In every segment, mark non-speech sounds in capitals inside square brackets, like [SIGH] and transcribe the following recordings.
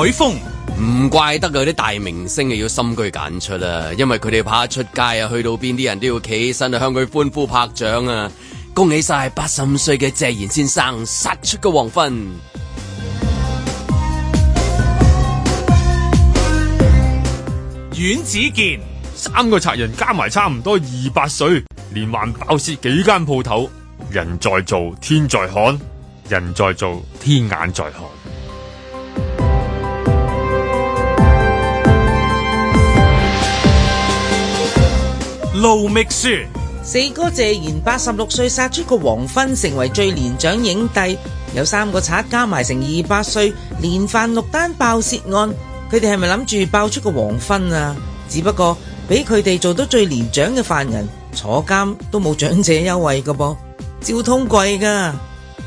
海風，唔怪得有啲大明星又要深居簡出啦，因為佢哋怕出街啊，去到邊啲人都要企起身啊，向佢歡呼拍掌啊！恭喜晒八十五歲嘅謝賢先生殺出個黃昏。阮子健，三個賊人加埋差唔多二百歲，連環爆竊幾間鋪頭。人在做，天在看；人在做，天眼在看。盧覓雪四哥謝賢八十六歲殺出個黃昏，成為最年長影帝。有三個賊加埋成二百歲，連犯六單爆竊案，佢哋係咪諗住爆出個黃昏啊？只不過俾佢哋做到最年長嘅犯人坐監都冇長者優惠嘅噃，照通貴噶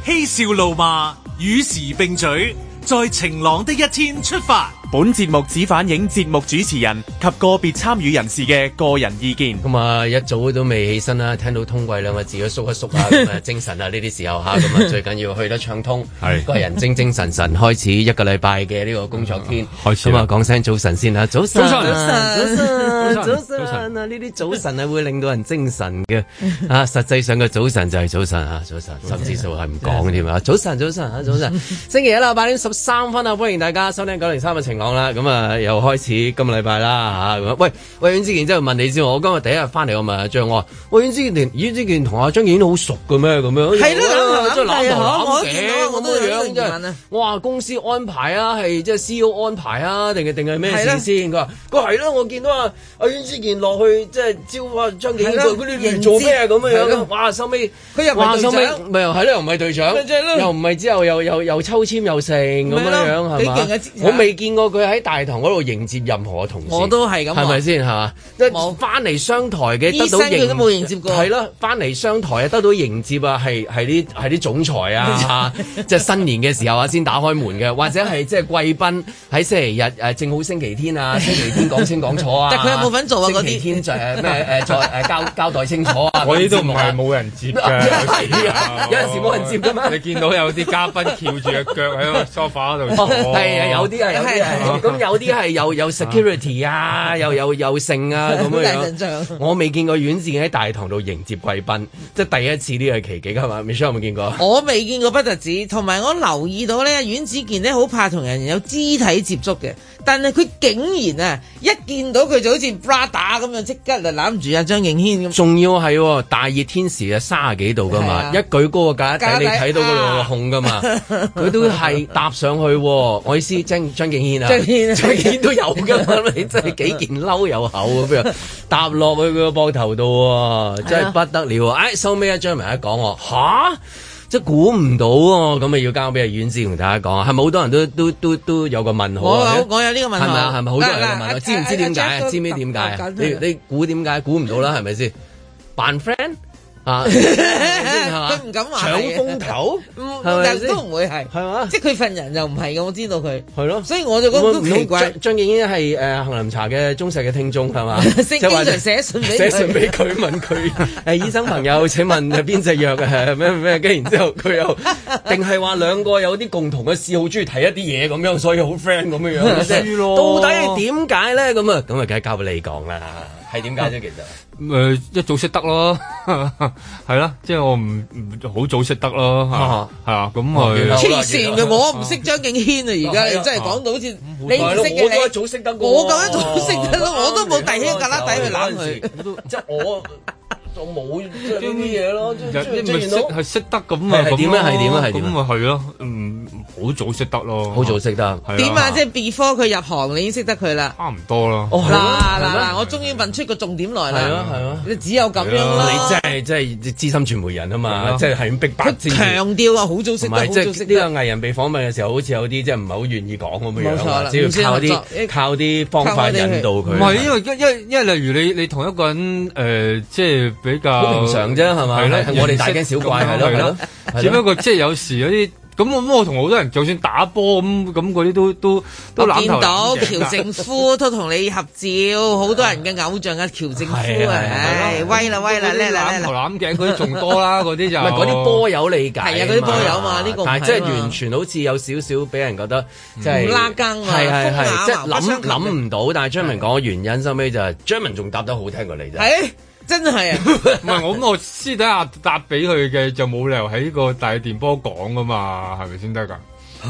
嬉笑怒罵，與時並舉，在晴朗的一天出發。本節目只反映節目主持人及個別參與人士嘅個人意見。咁啊，一早都未起身啦，聽到通貴兩個字，都縮一縮啦，咁啊，精神啊，呢啲時候吓，咁啊，最緊要去得暢通，個人精精神神，開始一個禮拜嘅呢個工作天。開咁啊，講聲早晨先啊。早晨，早晨，早晨，早晨，早晨啊，呢啲早晨係，會令到人精神嘅。啊，實際上嘅早晨就係早晨啊，早晨，甚至就係唔講添啊，早晨，早晨啊，早晨，星期一啦，八點十三分啊，歡迎大家收聽九零三嘅晴。講啦，咁啊又開始今個禮拜啦吓。喂，喂，尹之健，之後問你先。我今日第一日翻嚟，我咪張我話，尹之健，尹之健同阿張健都好熟嘅咩？咁樣係咯，諗嚟諗去，我見到我都一樣，真係我話公司安排啊，係即係 C.O. 安排啊，定係定係咩事先？佢話佢係咯，我見到啊，阿尹之健落去即係招阿張健，佢哋做咩咁樣樣？哇，收尾佢又唔收尾，長，咪係又唔係隊長，又唔係之後又又又抽籤又成咁樣樣係嘛？我未見過。佢喺大堂嗰度迎接任何嘅同事，我都係咁，係咪先嚇？即係翻嚟商台嘅，得到迎接都冇迎接過。係咯，翻嚟商台啊，得到迎接啊，係係啲係啲總裁啊，即係新年嘅時候啊，先打開門嘅，或者係即係貴賓喺星期日誒，正好星期天啊，星期天講清講楚啊。但佢有冇份做啊？嗰期天就咩誒？再誒交交代清楚啊！我呢都唔係冇人接嘅，有陣時冇人接㗎嘛。你見到有啲嘉賓翹住嘅腳喺個梳化嗰度。係啊，有啲啊，有啲咁、 [LAUGHS] 嗯、有啲係有有 security 啊，啊又有有性啊咁樣。 [LAUGHS] 上我未見過阮子健喺大堂度迎接貴賓，即係第一次呢個奇景㗎嘛，Michelle 有冇見過？我未見過不特止，同埋我留意到咧，阮子健咧好怕同人有肢體接觸嘅。但係佢竟然啊，一見到佢就好似 r 布拉打咁樣即刻就攬住阿張敬軒咁，仲要係、啊、大熱天時三十啊，卅幾度噶嘛，一舉高個架，睇你睇到個控噶嘛，佢 [LAUGHS] 都係搭上去。我意思張張敬軒啊，敬軒敬軒都有㗎， [LAUGHS] 你真係幾件嬲有口咁樣，搭落去佢個膊頭度，真係不得了。誒收尾一張咪一度講我嚇。即係估唔到喎、啊，咁咪要交俾阿遠志同大家講、啊，係咪好多人都都都都有個問號、啊、有我有呢個問號，係咪啊？係咪好多人有有個問號？知唔知點解？知唔知點解啊？你啊你估點解？估唔到啦、啊，係咪先？扮 friend？啊，佢唔敢話嘅搶風頭，但都唔會係，係嘛？即係佢份人又唔係嘅，我知道佢係咯，所以我就覺得好奇怪。張敬軒係誒杏林茶嘅忠實嘅聽眾係嘛？經常寫信俾寫信俾佢問佢誒，醫生朋友，請問邊隻藥嘅咩咩？跟住然之後佢又，定係話兩個有啲共同嘅嗜好，中意睇一啲嘢咁樣，所以好 friend 咁樣樣。到底係點解咧？咁啊，咁啊，梗係交俾你講啦。係點解啫？其實？誒一早識得咯，係啦，即係我唔唔好早識得咯，係啊，咁啊黐線嘅。 [LAUGHS] 我唔識張敬軒啊。而家你真係講到好似你唔識嘅，我一早識得，我咁一早識得咯，我都冇第二個拉底去攬佢，即係我。就冇呢啲嘢咯，即係即識得咁啊！係點啊？係點啊？係點咁咪係咯，嗯，好早識得咯，好早識得，點啊？即係 before 佢入行，你已經識得佢啦，差唔多咯。嗱嗱嗱，我終於問出個重點來啦，係咯你只有咁樣咯。你真係真係資深傳媒人啊嘛，即係咁逼白先。強調啊，好早識得，好早識。呢個藝人被訪問嘅時候，好似有啲即係唔係好願意講咁樣樣，只要靠啲靠啲方法引導佢。唔係因為因因因為例如你你同一個人誒即係。比較好平常啫，係咪？係啦，我哋大驚小怪係咯。只不過即係有時嗰啲咁，我我同好多人就算打波咁咁嗰啲都都都見到喬正夫都同你合照，好多人嘅偶像啊喬正夫啊，威啦威啦叻啦叻啦！攬頭攬頸嗰啲仲多啦，嗰啲就唔係嗰啲波友理解係啊，嗰啲波友嘛呢個即係完全好似有少少俾人覺得即係唔拉更啊，即係諗諗唔到。但係張文講嘅原因收尾就係張文仲答得好聽過你啫。真係啊，唔係我我私底下答俾佢嘅就冇理由喺呢個大電波講噶嘛，係咪先得噶？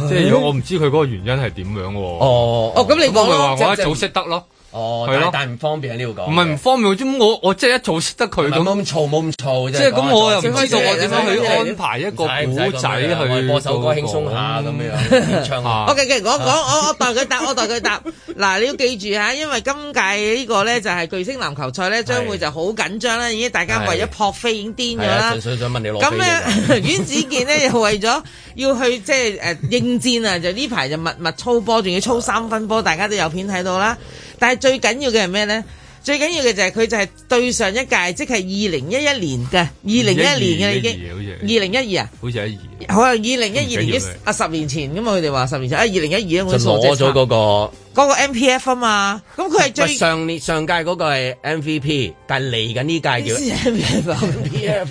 即係如果我唔知佢嗰個原因係點樣，哦哦，咁你講佢咯，就我一早識得咯。哦，但係唔方便喺呢度講。唔係唔方便，我我我即係一早識得佢。咁冇咁嘈，冇咁嘈，即係咁我又知道我點樣去安排一個古仔去播首歌輕鬆下咁樣唱下。OK 我我我我代佢答，我代佢答。嗱，你要記住吓，因為今屆呢個咧就係巨星籃球賽咧，將會就好緊張啦，已經大家為咗撲飛已經癲咗啦。想想問你咁咧，袁子健呢，又為咗要去即係誒應戰啊，就呢排就密密操波，仲要操三分波，大家都有片睇到啦。但係最緊要嘅係咩咧？最緊要嘅就係佢就係對上一屆，即係二零一一年嘅，二零一一年嘅已經，二零、啊、一二啊，好似一二，好啊，二零一二年，啊十年前咁啊，佢哋話十年前啊，二零一二啊，我哋攞咗嗰嗰個 M P F 啊嘛，咁佢係最上呢上屆嗰個係 M V P，但係嚟緊呢屆叫 M P F M P F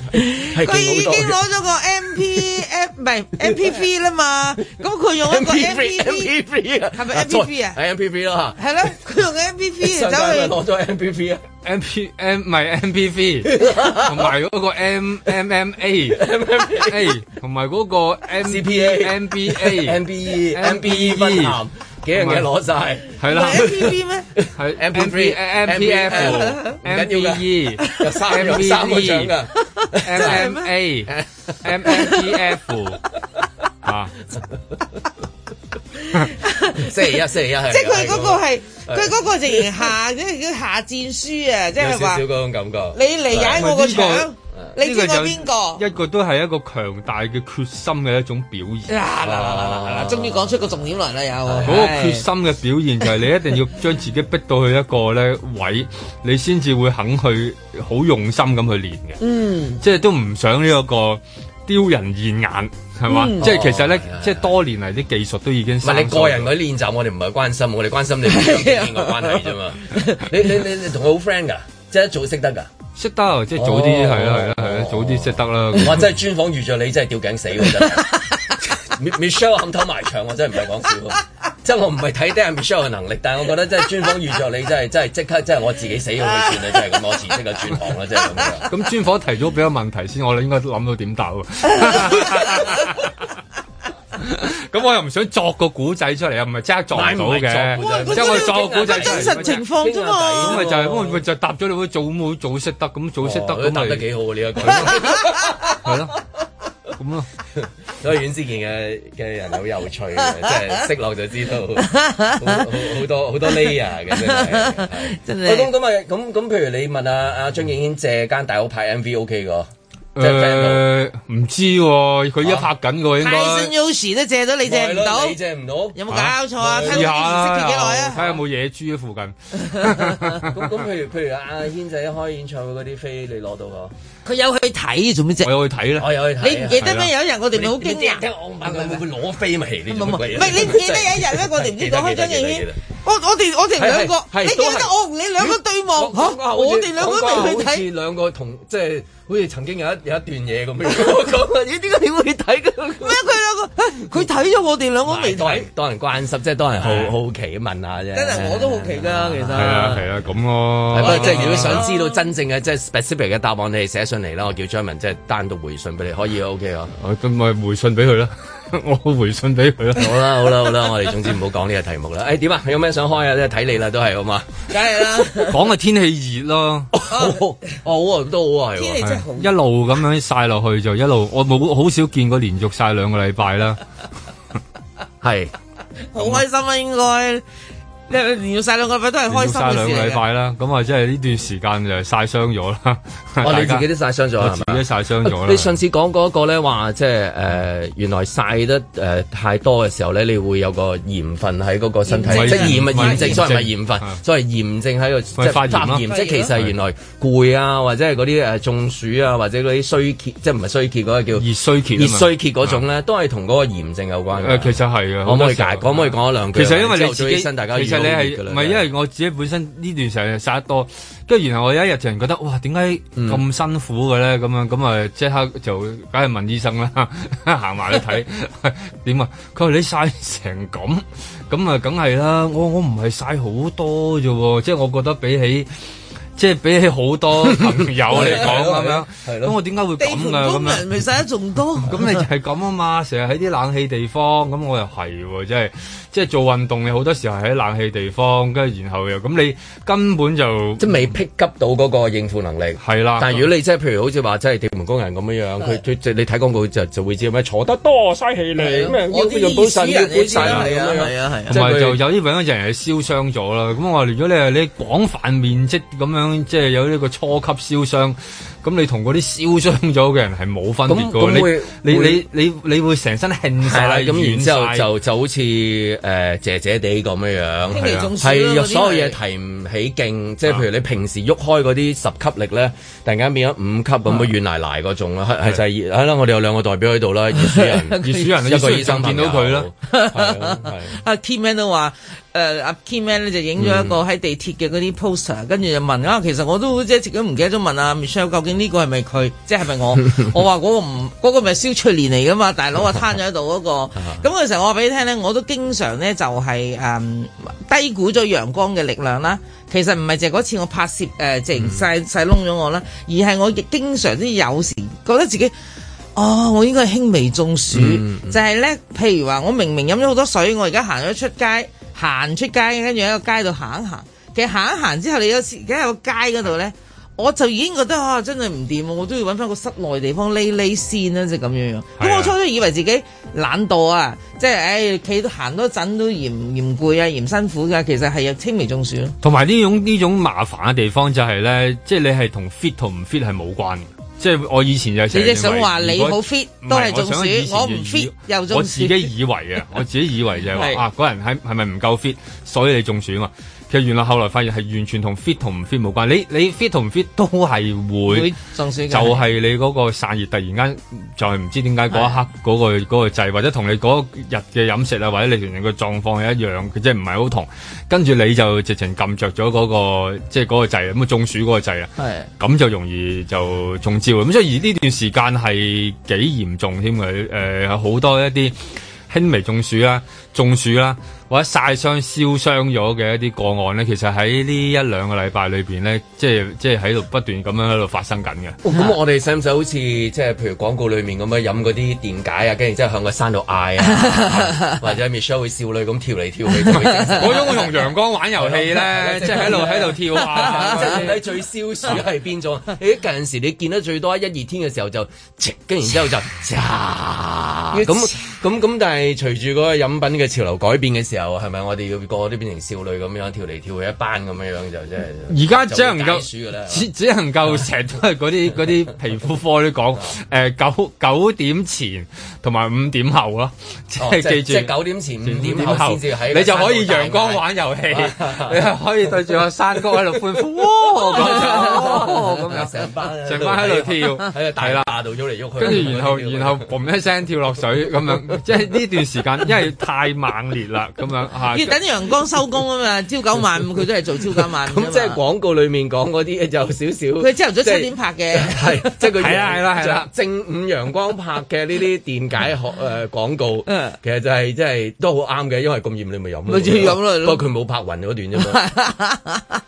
係勁好到。佢已經攞咗個 M P F 唔係 M P V 啦嘛，咁佢用一個 M P V 啊？係咪 M P V 啊？係 M P V 咯嚇。係咯，佢用 M P V 走去攞咗 M P V 啊？M P M 唔係 M P V，同埋嗰個 M M M A M M A，同埋嗰個 M C P A M B A M B E M B E 分。幾樣嘢攞晒係啦，M P V 咩？係 M P V M P F M P E 有三有三個章噶，M M A M P F 啊！星期一星期一即係佢嗰個係佢嗰個直然下，即係叫下戰書啊！即係話少嗰種感覺，你嚟踩我個場。你見過邊個？一個都係一個強大嘅決心嘅一種表現。嗱嗱嗱，終於講出個重點嚟啦！有嗰個決心嘅表現就係你一定要將自己逼到去一個咧位， [LAUGHS] 你先至會肯去好用心咁去練嘅。嗯，即係都唔想呢一個丟人現眼係嘛？嗯啊、即係其實咧，啊啊、即係多年嚟啲技術都已經唔係你個人嗰啲練習，我哋唔係關心，我哋關心你同佢嘅關係啫嘛。你你你你同佢好 friend 噶，即係一早識得噶識得即係早啲係啦係啦係啦，早啲識得啦。我真係專訪遇著你真係吊頸死，Michelle 冚頭埋牆，我真係唔係講笑。即係我唔係睇 Daniel Michelle 嘅能力，但係我覺得真係專訪遇著你真係真係即刻即係我自己死咗佢算啦、即係，真係咁，我辭職啊轉行啦，真係咁。咁專訪提早畀個問題先，我哋應該都諗到點答咁我又唔想作個古仔出嚟啊，唔係即刻作到嘅，即係我作個古仔出嚟，真實情況啫嘛，咁咪就係咁，咪就搭咗你會做冇做識得，咁做識得咁咪搭得幾好，你呢個係咯，咁啊，所以阮之健嘅、嘅人好有趣，即係識落就知道，好多好多 layer 嘅真係。咁咁咪咁咁，譬如你問阿阿張敬軒借間大屋拍 MV OK 噶？唔知佢一拍緊嘅應該。t y 都借到你借唔到，你借唔到，有冇搞錯啊？睇下識脱幾耐啊！睇下有冇野豬喺附近。咁咁，譬如譬如阿軒仔開演唱會嗰啲飛，你攞到㗎？佢有去睇做咩啫？我有去睇啦，我有去睇。你唔記得咩？有一日我哋咪好驚呀。唔係你唔記得有一日咩？我哋唔知講開張敬軒。我哋我哋兩個，你覺得我同你兩個對望，我哋兩個未未睇，好似兩個同即係好似曾經有一有一段嘢咁樣。你點解點會睇嘅？咩佢兩個，佢睇咗我哋兩個未？睇，當然關心，即係當然好好奇問下啫。真係我都好奇㗎，其實。係啊係啊，咁咯。係即係如果想知道真正嘅即係 specific 嘅答案，你哋寫信嚟啦。我叫 j 文，即係單獨回信俾你，可以 OK 啊？我咁咪回信俾佢啦。 [LAUGHS] 我回信俾佢啦。好啦好啦好啦，我哋總之唔好講呢個題目啦。誒、哎，點啊？有咩想開啊？都睇你啦，都係好嘛？梗係啦，講個天氣熱咯。好，哦好啊，都好啊，係。天氣真係好，一路咁樣曬落去就一路，我冇好少見過連續曬兩個禮拜啦。係。好開心啊，應該。你要曬兩個禮拜都係開心嘅事啦，咁啊，即係呢段時間就曬傷咗啦。我哋自己都曬傷咗，自己曬傷咗，你上次講嗰個咧話，即係誒原來曬得誒太多嘅時候咧，你會有個鹽分喺嗰個身體。即係鹽啊，炎症所以咪鹽分，所謂炎症喺度。即係發炎，即係其實原來攰啊，或者係嗰啲誒中暑啊，或者嗰啲衰竭，即係唔係衰竭，嗰個叫熱衰竭，熱衰竭嗰種咧，都係同嗰個炎症有關嘅。其實係啊，可唔可以解？可唔可以講一兩句？其實因為你做起身，大家。你係唔係因為我自己本身呢段時間曬得多，跟住然後我有一日就覺得哇，點解咁辛苦嘅咧？咁樣咁啊，即刻就梗係問醫生啦，行埋去睇點啊？佢話你曬成咁，咁啊，梗係啦。我我唔係曬好多啫喎，即係我覺得比起即係比起好多朋友嚟講咁樣，咁我點解會咁嘅咁樣？工人咪曬得仲多，咁你就係咁啊嘛，成日喺啲冷氣地方，咁我又係喎，真係。即係做運動，你好多時候喺冷氣地方，跟住然後又咁，你根本就即係未 pick up 到嗰個應付能力，係啦的。但係如果你即係譬如好似話，即係地盤工人咁樣樣，佢佢即你睇廣告就就會知咩坐得多嘥氣力，咩要醫死本嗰啲啊，係啊係啊，同埋就，他就有啲揾一人人燒傷咗啦。咁我話，如果你咧你廣泛面積咁樣，即係有呢個初級燒傷。咁你同嗰啲燒傷咗嘅人係冇分別嘅，你你你你會成身興曬，咁然之後就就好似誒姐姐地咁樣樣，係所有嘢提唔起勁，即係譬如你平時喐開嗰啲十級力咧，突然間變咗五級咁樣軟軟賴賴嗰種啦，係就係，係啦，我哋有兩個代表喺度啦，熱鼠人，熱鼠人一個醫生見到佢啦，阿 T Man 都話。誒，阿、uh, Kim Man 咧就影咗一個喺地鐵嘅嗰啲 poster，跟住就問啊，其實我都即係自己唔記得咗問阿、啊、Michelle 究竟呢個係咪佢，即係咪我？ [LAUGHS] 我話嗰個唔，嗰、嗰個咪係蕭翠蓮嚟噶嘛？大佬 [LAUGHS] 啊攤咗喺度嗰個，咁嗰陣時候我話俾你聽咧，我都經常咧就係、是、誒、嗯、低估咗陽光嘅力量啦。其實唔係淨係嗰次我拍攝誒整、呃、晒晒窿咗我啦，而係我亦經常都有時覺得自己，哦，我應該係輕微中暑，嗯、就係咧，譬如話我明明飲咗好多水，我而家行咗出街。行出街，跟住喺個街度行一行，其實行一行之後，你有時而家喺個街嗰度咧，我就已經覺得啊，真係唔掂，我都要揾翻個室內地方匿匿先啦，即係咁樣樣。咁、啊、我初初以為自己懶惰啊，即係唉，企到行多陣都嫌嫌攰啊，嫌辛苦㗎。其實係有輕微中暑咯。同埋呢種呢種麻煩嘅地方就係、是、咧，即係你係同 fit 同唔 fit 係冇關。即係我以前就成想話你冇 fit 都係中暑。我唔 fit 又中暑。我自己以為啊， [LAUGHS] 我自己以為就係話，嗰 [LAUGHS] 是、啊、人係係咪唔夠 fit，所以你中暑啊？其實原來後來發現係完全同 fit 同唔 fit 冇關，你你 fit 同唔 fit 都係會，就係你嗰個散熱突然間就係唔知點解嗰一刻嗰、那個嗰的、那個掣、那個，或者同你嗰日嘅飲食啊，的或者你個人嘅狀況係一樣，即係唔係好同，跟住你就直情撳着咗嗰個即係嗰個掣，咁啊中暑嗰個掣啊，係咁的就容易就中招啊，咁所以而呢段時間係幾嚴重添嘅，誒、呃、好多一啲輕微中暑啦、啊。中暑啦，或者曬傷、燒傷咗嘅一啲個案咧，其實喺呢一兩個禮拜裏邊咧，即係即係喺度不斷咁樣喺度發生緊嘅。咁、喔嗯哦、我哋使唔使好似即係譬如廣告裏面咁樣飲嗰啲電解啊，跟住之後向個山度嗌啊， [LAUGHS] 或者 Michelle 會少女咁跳嚟跳去，會整整整 [LAUGHS] 我嗰種同陽光玩遊戲咧，即係喺度喺度跳下、啊。你、嗯嗯、最消暑係邊種？ [LAUGHS] [LAUGHS] 你近時你見得最多一,一二天嘅時候就咳咳，跟住之後就咳咳咳咳咳咳咳，咁咁咁，但係隨住嗰個飲品嘅潮流改變嘅時候，係咪我哋要個個都變成少女咁樣，跳嚟跳去一班咁樣樣就真係而家只能夠只只能夠成日都係嗰啲嗰啲皮膚科都講誒九九點前同埋五點後咯，即係記住，即係九點前五點後先至睇，你就可以陽光玩遊戲，你可以對住個山哥喺度歡呼喎講真。哦，咁成班成班喺度跳喺度大啦，下到咗嚟喐去，跟住然後然後嘣一聲跳落水咁樣，即係呢段時間因為太猛烈啦咁樣吓。要等陽光收工啊嘛，朝九晚五佢都係做朝九晚五。咁即係廣告裏面講嗰啲就少少。佢朝頭早七點拍嘅，係即係係啦係啦係啦，正午陽光拍嘅呢啲電解學誒廣告，其實就係即係都好啱嘅，因為咁熱你咪飲咯。不過佢冇拍暈嗰段啫嘛。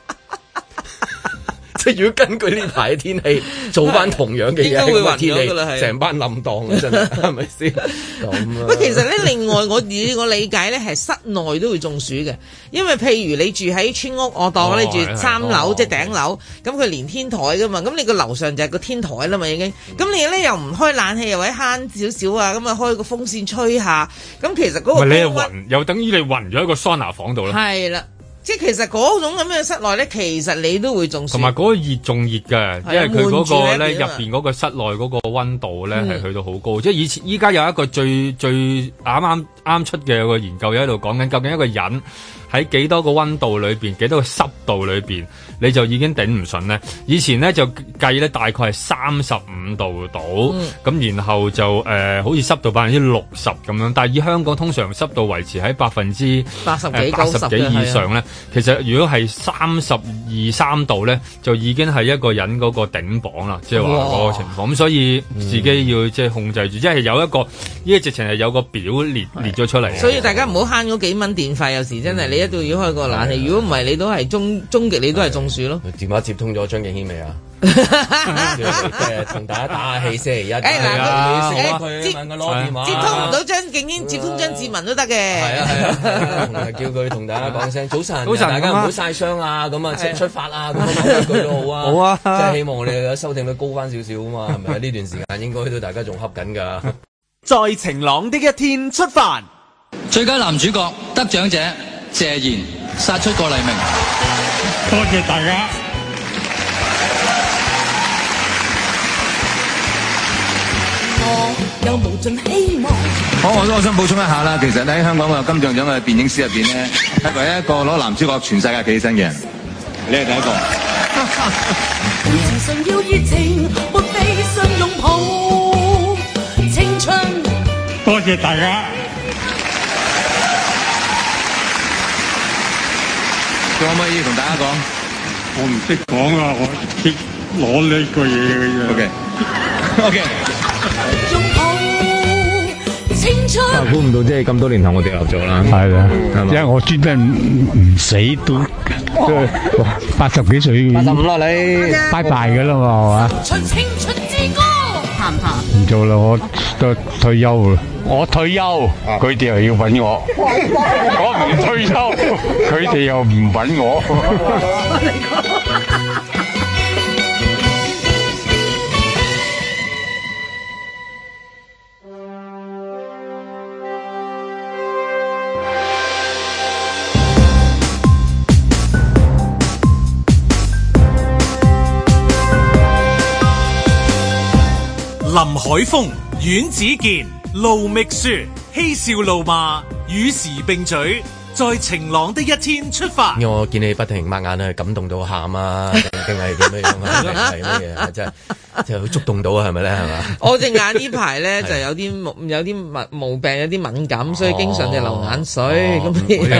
即如果根據呢排嘅天氣做翻同樣嘅嘢，都個 [LAUGHS] 天氣成班冧檔 [LAUGHS] 真係咪先？咁啊！喂，其實咧，另外我以我理解咧，係室內都會中暑嘅，因為譬如你住喺村屋， [LAUGHS] 我當你住三樓、哦是是哦、即係頂樓，咁佢、哦、連天台噶嘛，咁你個樓上就係個天台啦嘛已經。咁、嗯、你咧又唔開冷氣，又喺慳少少啊，咁啊開個風扇吹下，咁其實嗰個冰又，又等於你暈咗喺個桑拿房度啦。係啦。即係其實嗰種咁嘅室內咧，其實你都會中暑同埋嗰個熱仲熱嘅，因為佢嗰個咧入邊嗰個室內嗰個溫度咧係去到好高。嗯、即係以前依家有一個最最啱啱啱出嘅個研究喺度講緊，究竟一個人喺幾多個溫度裏邊，幾多個濕度裏邊？你就已經頂唔順咧？以前咧就計咧大概係三十五度到，咁、嗯、然後就誒、呃、好似濕度百分之六十咁樣。但係以香港通常濕度維持喺百分之八十幾九十幾以上咧，是啊、其實如果係三十二三度咧，就已經係一個人嗰個頂綁啦，即係話嗰個情況。咁所以自己要哇、嗯、即係控制住，即係有一個呢個直情係有個表列是的 列咗出嚟。所以大家唔好慳嗰幾蚊電費，有時真係、嗯、你一定要開個冷氣，如果唔係你都係終終極，你都係中。電話接通咗張敬軒未啊？同大家打下氣星期一。誒嗱，佢接佢問我接通唔到張敬軒，接通張志文都得嘅。係啊係啊，叫佢同大家講聲早晨，早晨大家唔好曬傷啊咁啊，即係出發啊咁樣講一句都好啊。好啊，即係希望我哋收聽率高翻少少啊嘛，係咪呢段時間應該對大家仲恰緊㗎？在晴朗的一天出發，最佳男主角得獎者謝賢，殺出個黎明。多謝大家。我有無盡希望。好，我都我想補充一下啦，其實喺香港嘅金像獎嘅電影史入邊咧，係唯一一個攞男主角全世界企起身嘅人，你係第一個。 [LAUGHS] [LAUGHS] 要熱情，不悲傷，擁抱青春。多謝大家。可唔可以同大家講？我唔識講啊！我識攞呢句嘢嘅嘢。O K O K。青春。估唔到即係咁多年後我哋合作啦。係啊，係嘛？因為我專登唔唔死都，即係八十幾歲。八十唔落你，拜拜嘅啦嘛，係嘛？唔做啦，我都退休啦。我退休，佢哋、啊、又要搵我。 [LAUGHS] 我唔退休，佢哋 [LAUGHS] 又唔搵我。 [LAUGHS] [LAUGHS] 林海峰、阮子健、盧覓雪，嬉笑怒罵，與時並嘴，在晴朗的一天出發。 [LAUGHS] 我見你不停抹眼啊，感動到喊啊，究竟係點樣啊？係乜嘢啊？真係。就觸動到啊，係咪？咧，係嘛？我隻眼呢排咧就有啲有啲毛病，有啲敏感，所以經常就流眼水。我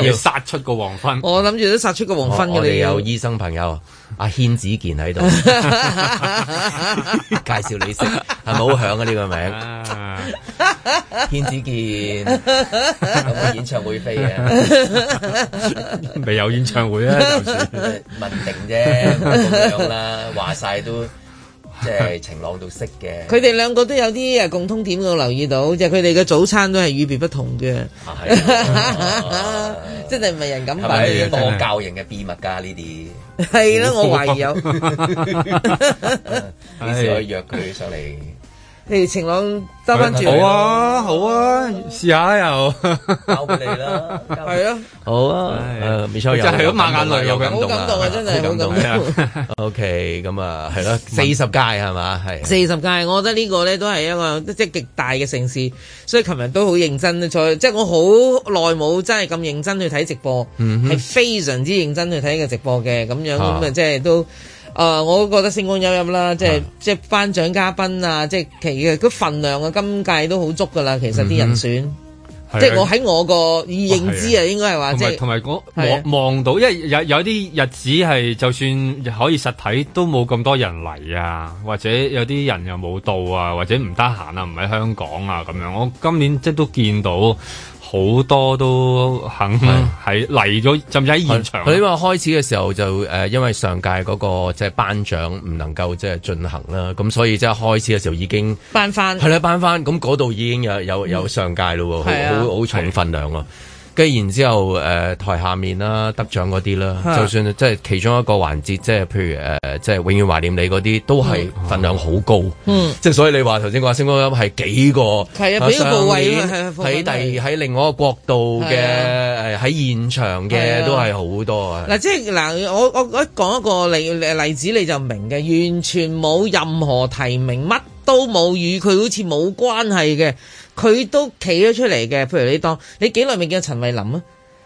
要殺出個黃昏。我諗住都殺出個黃昏嘅。我有醫生朋友阿軒子健喺度，介紹你識係咪好響啊？呢個名，軒子健，有冇演唱會飛啊？未有演唱會啊，文定啫，咁樣啦，話晒都。即係晴朗都識嘅，佢哋兩個都有啲誒共通點，我留意到即係佢哋嘅早餐都係與別不同嘅，啊係，即係唔係人咁快？道教型嘅秘密㗎呢啲，係咯、like，我懷疑有，幾時可以約佢上嚟？譬如晴朗得翻轉，好啊，好啊，試下又交俾你啦，係啊，好啊，誒，冇錯又，就係咁抹眼淚，好感動啊，真係好感動。O K，咁啊，係咯，四十屆係嘛，係。四十屆，我覺得呢個咧都係一個即係極大嘅盛事，所以琴日都好認真咧，在即係我好耐冇真係咁認真去睇直播，係非常之認真去睇呢個直播嘅，咁樣咁啊，即係都。啊、呃！我都覺得星光熠熠啦，即係的即係頒獎嘉賓啊，即係其嘅嗰份量啊，今屆都好足噶啦。其實啲人選，嗯、即係我喺我個認知啊，應該係話即係同埋我望到，因為有有啲日子係就算可以實體都冇咁多人嚟啊，或者有啲人又冇到啊，或者唔得閒啊，唔喺香港啊咁樣。我今年即都見到。好多都肯喺嚟咗，甚至喺現場。佢因為開始嘅時候就誒、呃，因為上屆嗰個即係頒獎唔能夠即係進行啦，咁所以即係開始嘅時候已經頒翻，係啦頒翻，咁嗰度已經有有有上屆咯，好好重份量咯。跟然之後，誒、呃、台下面啦，得獎嗰啲啦，啊、就算即係其中一個環節，即係譬如誒、呃，即係永遠懷念你嗰啲，都係份量好高嗯。嗯，即係所以你話頭先講星光一係幾個，係啊，幾部位啦，喺第喺另外一個角度嘅，喺、啊、現場嘅都係好多啊。嗱、啊，即係嗱，我我講一,一個例例例子你就明嘅，完全冇任何提名，乜都冇與佢好似冇關係嘅。佢都企咗出嚟嘅，譬如你當，你幾耐未見過陳慧琳啊？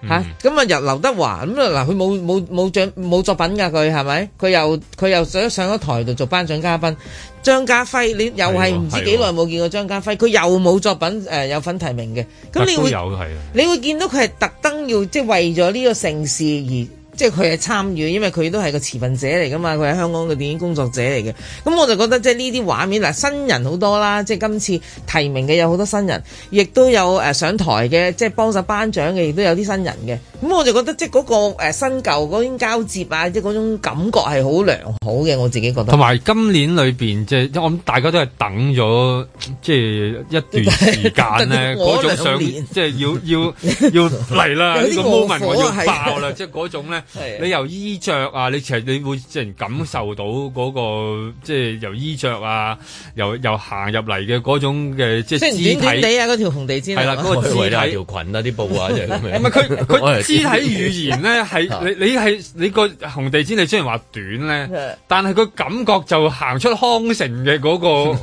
吓咁啊，由劉德華咁啊嗱，佢冇冇冇獎冇作品噶佢係咪？佢又佢又上上咗台度做頒獎嘉賓，張家輝你又係唔知幾耐冇見過張家輝，佢又冇作品誒有份提名嘅，咁你會你會見到佢係特登要即係為咗呢個盛事而。即係佢係參與，因為佢都係個持份者嚟㗎嘛，佢係香港嘅電影工作者嚟嘅。咁、嗯、我就覺得即係呢啲畫面嗱，新人好多啦，即係今次提名嘅有好多新人，亦都有誒、呃、上台嘅，即係幫手頒獎嘅，亦都有啲新人嘅。咁、嗯、我就覺得即係嗰、嗰個新舊嗰種交接啊，即係嗰種感覺係好良好嘅，我自己覺得。同埋今年裏邊即係我諗大家都係等咗即係一段時間咧，嗰 [LAUGHS] 了我 種想兩 [LAUGHS] 即係要要要嚟啦，呢、 [LAUGHS] 啊、個 moment 要爆啦，是的 [LAUGHS] 即係嗰種咧.。 [LAUGHS] 你由衣着啊，你其實你會即係感受到嗰、那個即係由衣着啊，由由行入嚟嘅嗰種嘅即係肢體短短啊，嗰條紅地氈係啦，是是個條裙啊，啲布啊，係咪？ [LAUGHS] 佢佢肢體語言咧，係你係你，你個紅地氈，你雖然話短咧， [LAUGHS] 但係佢感覺就行出康城嘅、那個、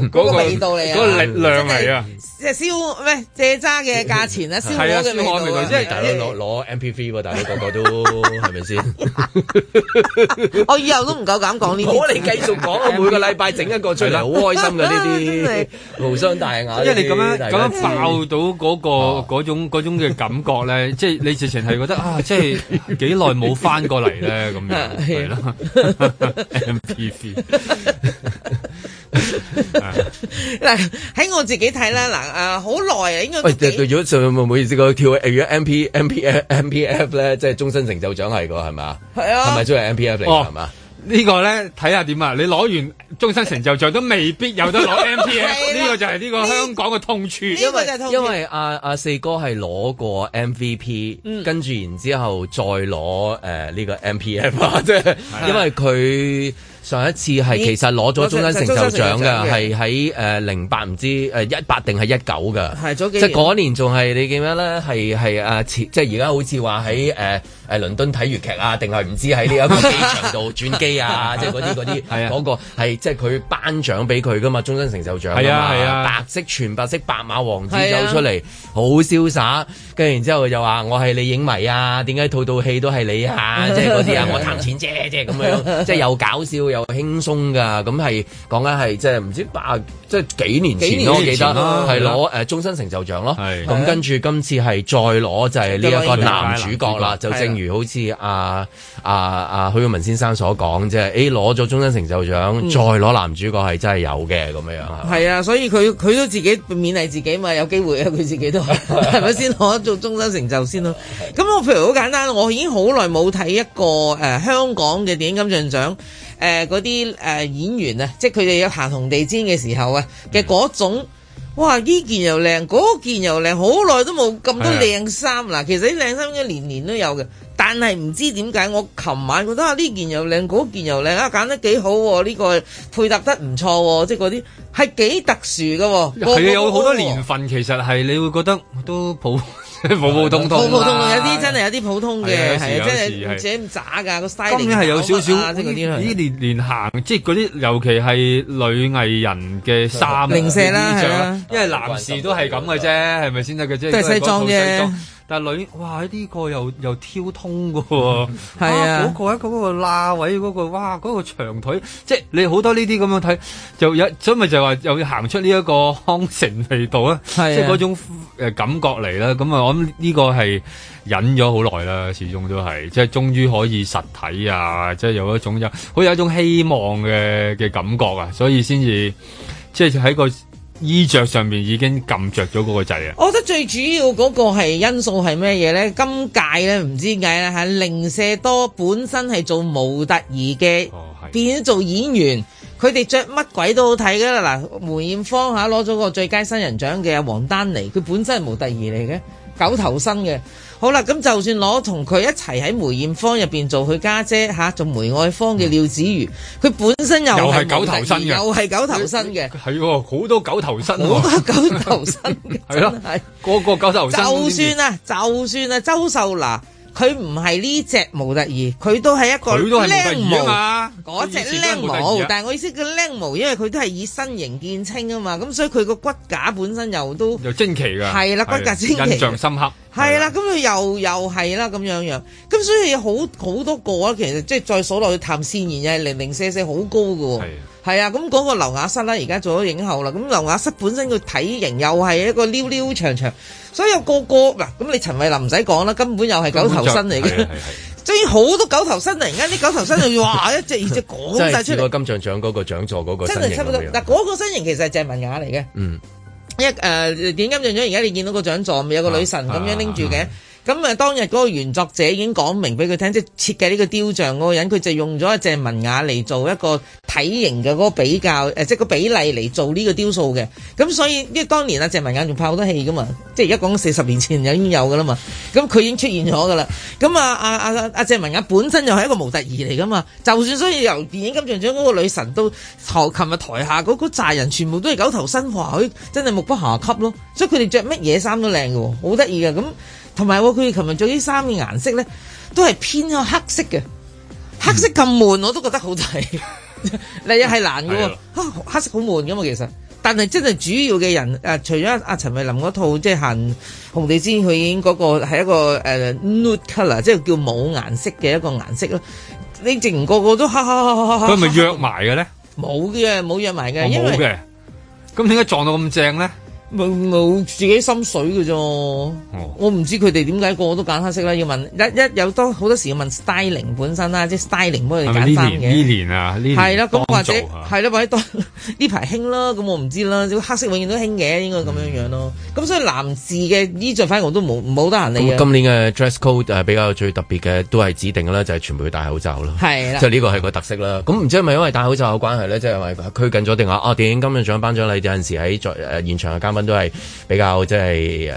那個、 [LAUGHS] 個味道嚟、啊、個力量嚟啊，即係燒咩？蔗渣嘅價錢咧、啊，燒嘅咩？是是 v, 大都攞攞 MPV 喎，但個個都係咪先？ [LAUGHS] [LAUGHS] 我以後都唔夠膽講呢啲。我哋繼續講 [LAUGHS] 我每個禮拜整一個出嚟，好 [LAUGHS] 開心嘅，呢啲無傷大雅。因為你咁樣咁樣爆到嗰、嗰個嗰 [LAUGHS] 種嘅感覺咧，即係你直情係覺得啊，即係幾耐冇返過嚟咧咁樣係啦。M P V。 [LAUGHS] MP V  [LAUGHS] 嗱喺 [LAUGHS] 我自己睇啦，嗱誒，好耐啊，應該對咗上冇冇意思個跳如 M P M P M P F 咧，即係終身成就獎係個係嘛？係啊，係咪就係 M P F 嚟噶係嘛？呢個咧睇下點啊！你攞完終身成就獎都未必有得攞 M P F，呢 [LAUGHS] 是、啊、個就係呢個香港嘅痛處，因為因為阿、啊、阿、啊、四哥係攞過 M V P，、嗯、跟住然之後再攞誒呢個 M P F，啊。即係是、啊、因為佢。上一次係其實攞咗終身成就獎嘅，係喺誒零八，唔知誒一八定係一九嘅，即係嗰年仲係你記唔記得咧？係係啊，即係而家好似話喺誒。誒，倫敦睇粵劇啊，定係唔知喺呢一個機場度轉機啊，即係嗰啲、嗰啲，嗰個係即係佢頒獎俾佢噶嘛，終身成就獎，係啊，白色全白色白馬王子，走出嚟，好瀟灑。跟住然之後就話我係你影迷啊，點解套套戲都係你啊？即係嗰啲啊，我談錢啫，即係咁樣，即係又搞笑又輕鬆噶。咁係講緊係即係唔知八即係幾年前我記得係攞誒終身成就獎咯。咁跟住今次係再攞就係呢一個男主角啦，就正如好似阿阿阿許耀文先生所講即係，誒、欸，攞咗終身成就獎，嗯、再攞男主角係真係有嘅咁樣樣啊！係啊，所以佢佢都自己勉勵自己嘛，有機會啊，佢自己都係咪 [LAUGHS] [LAUGHS] 先攞咗終身成就先咯？咁我譬如好簡單，我已經好耐冇睇一個誒、呃、香港嘅電影金像獎誒嗰啲誒演員啊，即係佢哋有行紅地氈嘅時候啊嘅嗰種。嗯哇！呢件又靚，嗰件又靚，好耐都冇咁多靚衫啦。是的 其實啲靚衫一年年都有嘅。但係唔知點解，我琴晚覺得啊呢件又靚，嗰件又靚啊，揀得幾好喎！呢個配搭得唔錯喎，即係嗰啲係幾特殊嘅喎。係啊，有好多年份，其實係你會覺得都普普普通通。普普通通有啲真係有啲普通嘅，係啊，即係自己咁渣㗎個 style。當然係有少少，啲依年年行即係嗰啲，尤其係女藝人嘅衫。零舍啦，係啦，因為男士都係咁嘅啫，係咪先得嘅啫？即係西裝啫。啊女、這個，哇！呢個又又挑通嘅喎，啊嗰個喺嗰個罅位嗰個，哇嗰個長腿，即係你好多呢啲咁樣睇，就有所以咪就話又要行出呢一個康城味道 [LAUGHS] 是啊即、呃嗯，即係嗰種感覺嚟啦。咁啊，我諗呢個係忍咗好耐啦，始終都係即係終於可以實體啊，即係有一種好有，有一種希望嘅嘅感覺啊，所以先至即係喺個。衣着上面已經撳着咗嗰個掣啊！我覺得最主要嗰個係因素係咩嘢咧？今屆咧唔知解啦，零舍多本身係做模特兒嘅，哦、變咗做演員，佢哋着乜鬼都好睇噶啦！嗱，梅艷芳吓攞咗個最佳新人獎嘅，王丹妮佢本身係模特兒嚟嘅，九頭身嘅。好啦，咁就算攞同佢一齊喺梅艷芳入邊做佢家姐吓，啊，做梅愛芳嘅廖子瑜，佢、嗯、本身又係九頭身嘅，又係九頭身嘅，係好多九頭身，好多九頭身，嘅。 [LAUGHS] 係咯，係個個九頭身，就算啊，就算啊，周秀娜。佢唔係呢隻毛得意，佢都係一個靚模，嗰隻靚模。但係我意思個靚模，因為佢都係以身形見稱啊嘛，咁所以佢個骨架本身又都又精奇㗎。係啦，骨架精奇，印象深刻。係啦的，咁佢的、嗯、又又係啦，咁樣樣。咁所以有好好多個啊，其實即係再數落去談善言，又零零四四好高㗎喎，啊。係啊，咁嗰個劉雅瑟咧，而家做咗影后啦。咁劉雅瑟本身個體型又係一個溜溜長長，所以有個個嗱，咁你陳慧琳唔使講啦，根本又係九頭身嚟嘅，所以好多九頭身嚟。而家啲九頭身又要哇一隻二隻趕曬出嚟。真係，呢個金像獎嗰個獎座嗰個身形，真係差唔多。嗱，嗰個身形其實係鄭文雅嚟嘅。嗯，一誒點金像獎而家你見到個獎座咪有個女神咁樣拎住嘅。咁啊、嗯！當日嗰個原作者已經講明俾佢聽，即係設計呢個雕像嗰個人，佢就用咗阿鄭文雅嚟做一個體型嘅嗰個比較，誒，即係個比例嚟做呢個雕塑嘅。咁、嗯、所以呢，因為當年阿鄭文雅仲拍好多戲噶嘛，即係而家講咗四十年前就已經有噶啦嘛。咁、嗯、佢已經出現咗噶啦。咁、嗯、啊，阿阿阿阿鄭文雅本身又係一個模特兒嚟噶嘛，就算所以由電影金像獎嗰個女神都琴日台下嗰個炸人，全部都係九頭身，話佢真係目不暇給咯。所以佢哋着乜嘢衫都靚噶喎，好得意噶咁。嗯同埋佢琴日做啲衫嘅顏色咧，都係偏向黑色嘅，黑色咁悶我都覺得好睇。嚟一係難嘅， [LAUGHS] 了黑色好悶嘅嘛，其實。但係真係主要嘅人誒、啊，除咗阿陳慧琳嗰套即係行紅地氈，佢已經嗰個係一個誒、uh, nude color 即係叫冇顏色嘅一個顏色咯。你直然個個都黑黑黑黑黑，佢咪約埋嘅咧？冇嘅，冇約埋嘅，冇嘅。咁點解撞到咁正咧？冇自己心水嘅啫，哦、我唔知佢哋點解個個都揀黑色啦。要問一一有多好多時要問 styling 本身啦，即、就、係、是、styling 幫佢哋揀衫嘅。呢年，年啊，呢年係啦，咁或者係啦，或者當呢排興啦，咁我唔知啦。黑色永遠都興嘅，應該咁樣樣咯。咁、嗯、所以男士嘅衣着反正我都冇冇得閒理。今年嘅 dress code 比較最特別嘅，都係指定啦，就係、是、全部戴口罩咯。係啦的，即係呢個係個特色啦。咁唔知係咪因為戴口罩嘅關係咧，即、就、係、是、拘謹咗定話哦？電影、啊、金像獎頒獎禮有陣時喺在誒現場嘅嘉賓。都係比較、就是呃、即係誒，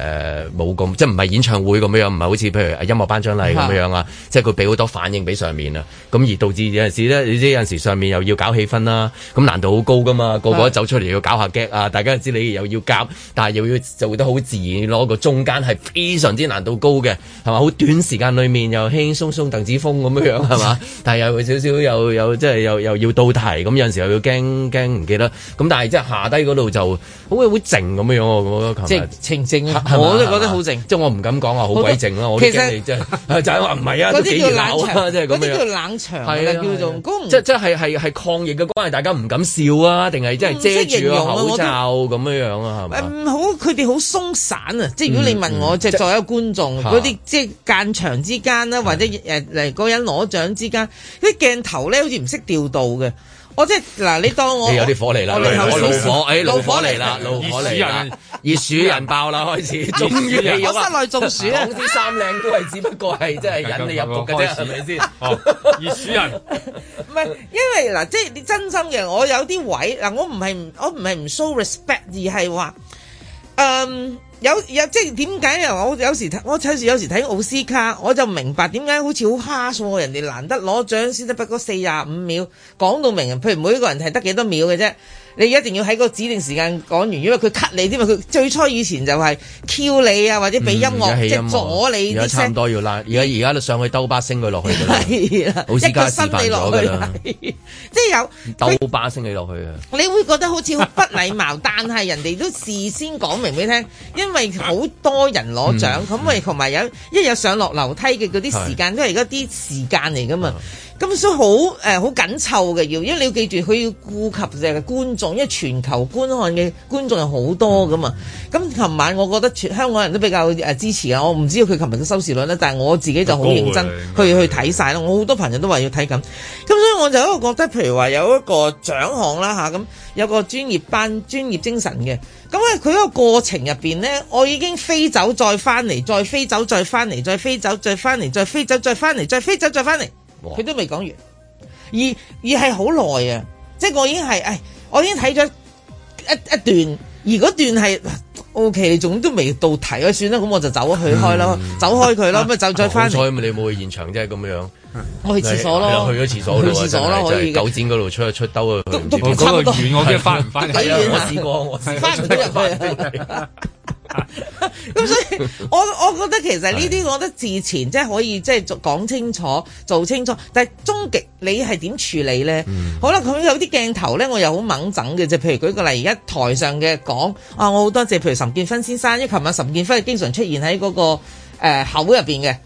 冇咁即係唔係演唱會咁樣，樣唔係好似譬如音樂頒獎禮咁樣樣啊。的即係佢俾好多反應俾上面啊，咁而導致有陣時咧，你知有陣時上面又要搞氣氛啦、啊，咁難度好高噶嘛，個個走出嚟，要搞下 gag 啊，大家知你又要夾，但係又要做得好自然，攞個中間係非常之難度高嘅，係嘛？好短時間裏面又輕輕鬆鬆，鄧子峰咁樣樣係嘛？ [LAUGHS] 但係又有少少又又即係又又要倒題，咁有陣時又要驚驚唔記得，咁但係即係下低度就好會好靜咁樣。即係清靜，我都覺得好靜。即係我唔敢講啊，好鬼靜咯。我其實即係就係話唔係啊。嗰啲叫冷場，嗰啲叫冷場啊，叫做。即係即係係係抗疫嘅關係，大家唔敢笑啊，定係即係遮住個口罩咁樣樣啊？係咪？唔好，佢哋好鬆散啊！即係如果你問我，即係作為一個觀眾，嗰啲即係間場之間啦，或者誒嚟個人攞獎之間，啲鏡頭咧好似唔識調度嘅。我即係嗱，你當我有啲火嚟啦，我火，哎老火嚟啦，老火嚟啦，熱鼠人爆啦，開始終於我室內中暑，啲衫領都係只不過係即係引你入局嘅啫，係咪先？熱鼠人，唔係因為嗱，即係你真心嘅，我有啲位嗱，我唔係唔我唔係唔 show respect，而係話，嗯。有有即係點解？又我有時我睇住有時睇奧斯卡，我就唔明白點解好似好蝦人哋難得攞獎先得，不得。不過四十五秒講到明，譬如每個人係得幾多秒嘅啫。你一定要喺個指定時間講完，因為佢 cut 你啲嘛。佢最初以前就係 cue 你啊，或者俾音樂即係阻你啲聲。而家差唔多要拉，而家而家都上去兜巴升佢落去噶啦。好似加時飯咗噶啦，即有兜巴升你落去啊！你會覺得好似好不禮貌，但係人哋都事先講明俾你聽，因為好多人攞獎咁，咪同埋有一有上落樓梯嘅嗰啲時間都係嗰啲時間嚟噶嘛。咁所以好誒好緊湊嘅，要因為你要記住佢要顧及誒觀眾，因為全球觀看嘅觀眾有好多噶嘛。咁琴、嗯、晚我覺得全香港人都比較誒支持呀，我唔知道佢琴日嘅收視率咧，但係我自己就好認真去去睇晒啦。我好多朋友都話要睇緊，咁所以我就一個覺得，譬如話有一個獎項啦嚇，咁、啊、有個專業班、專業精神嘅。咁咧佢個過程入邊呢，我已經飛走再翻嚟，再飛走再翻嚟，再飛走再翻嚟，再飛走再翻嚟，再飛走再翻嚟。佢都未講完，而而係好耐啊！即係我已經係，唉，我已經睇咗一一段，而嗰段係 OK，仲都未到題啊！算啦，咁我就走咗去開啦，走開佢啦，咁咪走再翻。走開，咪你冇去現場，即係咁樣。我去廁所咯。去咗廁所去廁所咯，可以。九展嗰度出出兜去都都差唔多。遠我驚翻唔翻嚟啊！試過我翻唔入去。咁 [LAUGHS] 所以，我我覺得其實呢啲，的我覺得事前即係可以即係講清楚、做清楚。但係終極你係點處理咧？嗯、好啦，佢有啲鏡頭咧，我又好猛整嘅啫。譬如舉個例，而家台上嘅講啊，我好多謝，譬如岑建芬先生，因為琴晚岑建芬係經常出現喺嗰、那個誒、呃、口入邊嘅。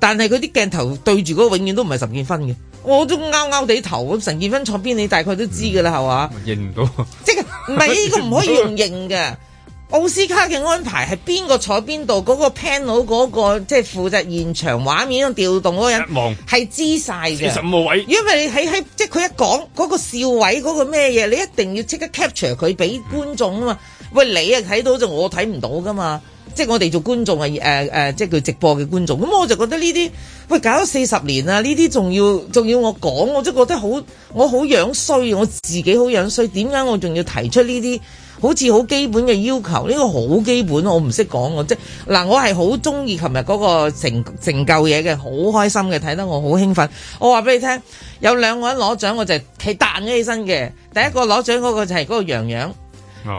但係佢啲鏡頭對住嗰個，永遠都唔係岑建芬嘅。我都拗拗地頭咁，岑建芬坐邊，你大概都知噶啦，係嘛、嗯？吧認唔到，即係唔係呢個唔可以用認嘅。 [LAUGHS] [LAUGHS] 奧斯卡嘅安排係邊個坐邊度？嗰個 panel 嗰個即係負責現場畫面咁調動嗰個人，係望知晒嘅。因為位你喺喺即係佢一講嗰個笑位嗰個咩嘢，你一定要即刻 capture 佢俾觀眾啊嘛。喂，你啊睇到就我睇唔到噶嘛。即係我哋做觀眾啊，誒、呃、誒、呃，即係佢直播嘅觀眾。咁我就覺得呢啲喂搞咗四十年啦，呢啲仲要仲要我講，我真覺得好，我好樣衰，我自己好樣衰。點解我仲要提出呢啲？好似好基本嘅要求，呢個好基本，我唔識講。我即係嗱，我係好中意琴日嗰個成成舊嘢嘅，好開心嘅，睇得我好興奮。我話俾你聽，有兩個人攞獎，我就係彈起身嘅。第一個攞獎嗰個就係嗰個洋洋。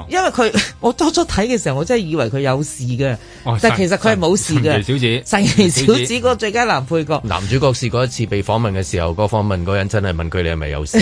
因為佢我當初睇嘅時候，我真係以為佢有事嘅，但係其實佢係冇事嘅。神奇小子，神奇小子嗰個最佳男配角，男主角試過一次被訪問嘅時候，個訪問嗰人真係問佢你係咪有事，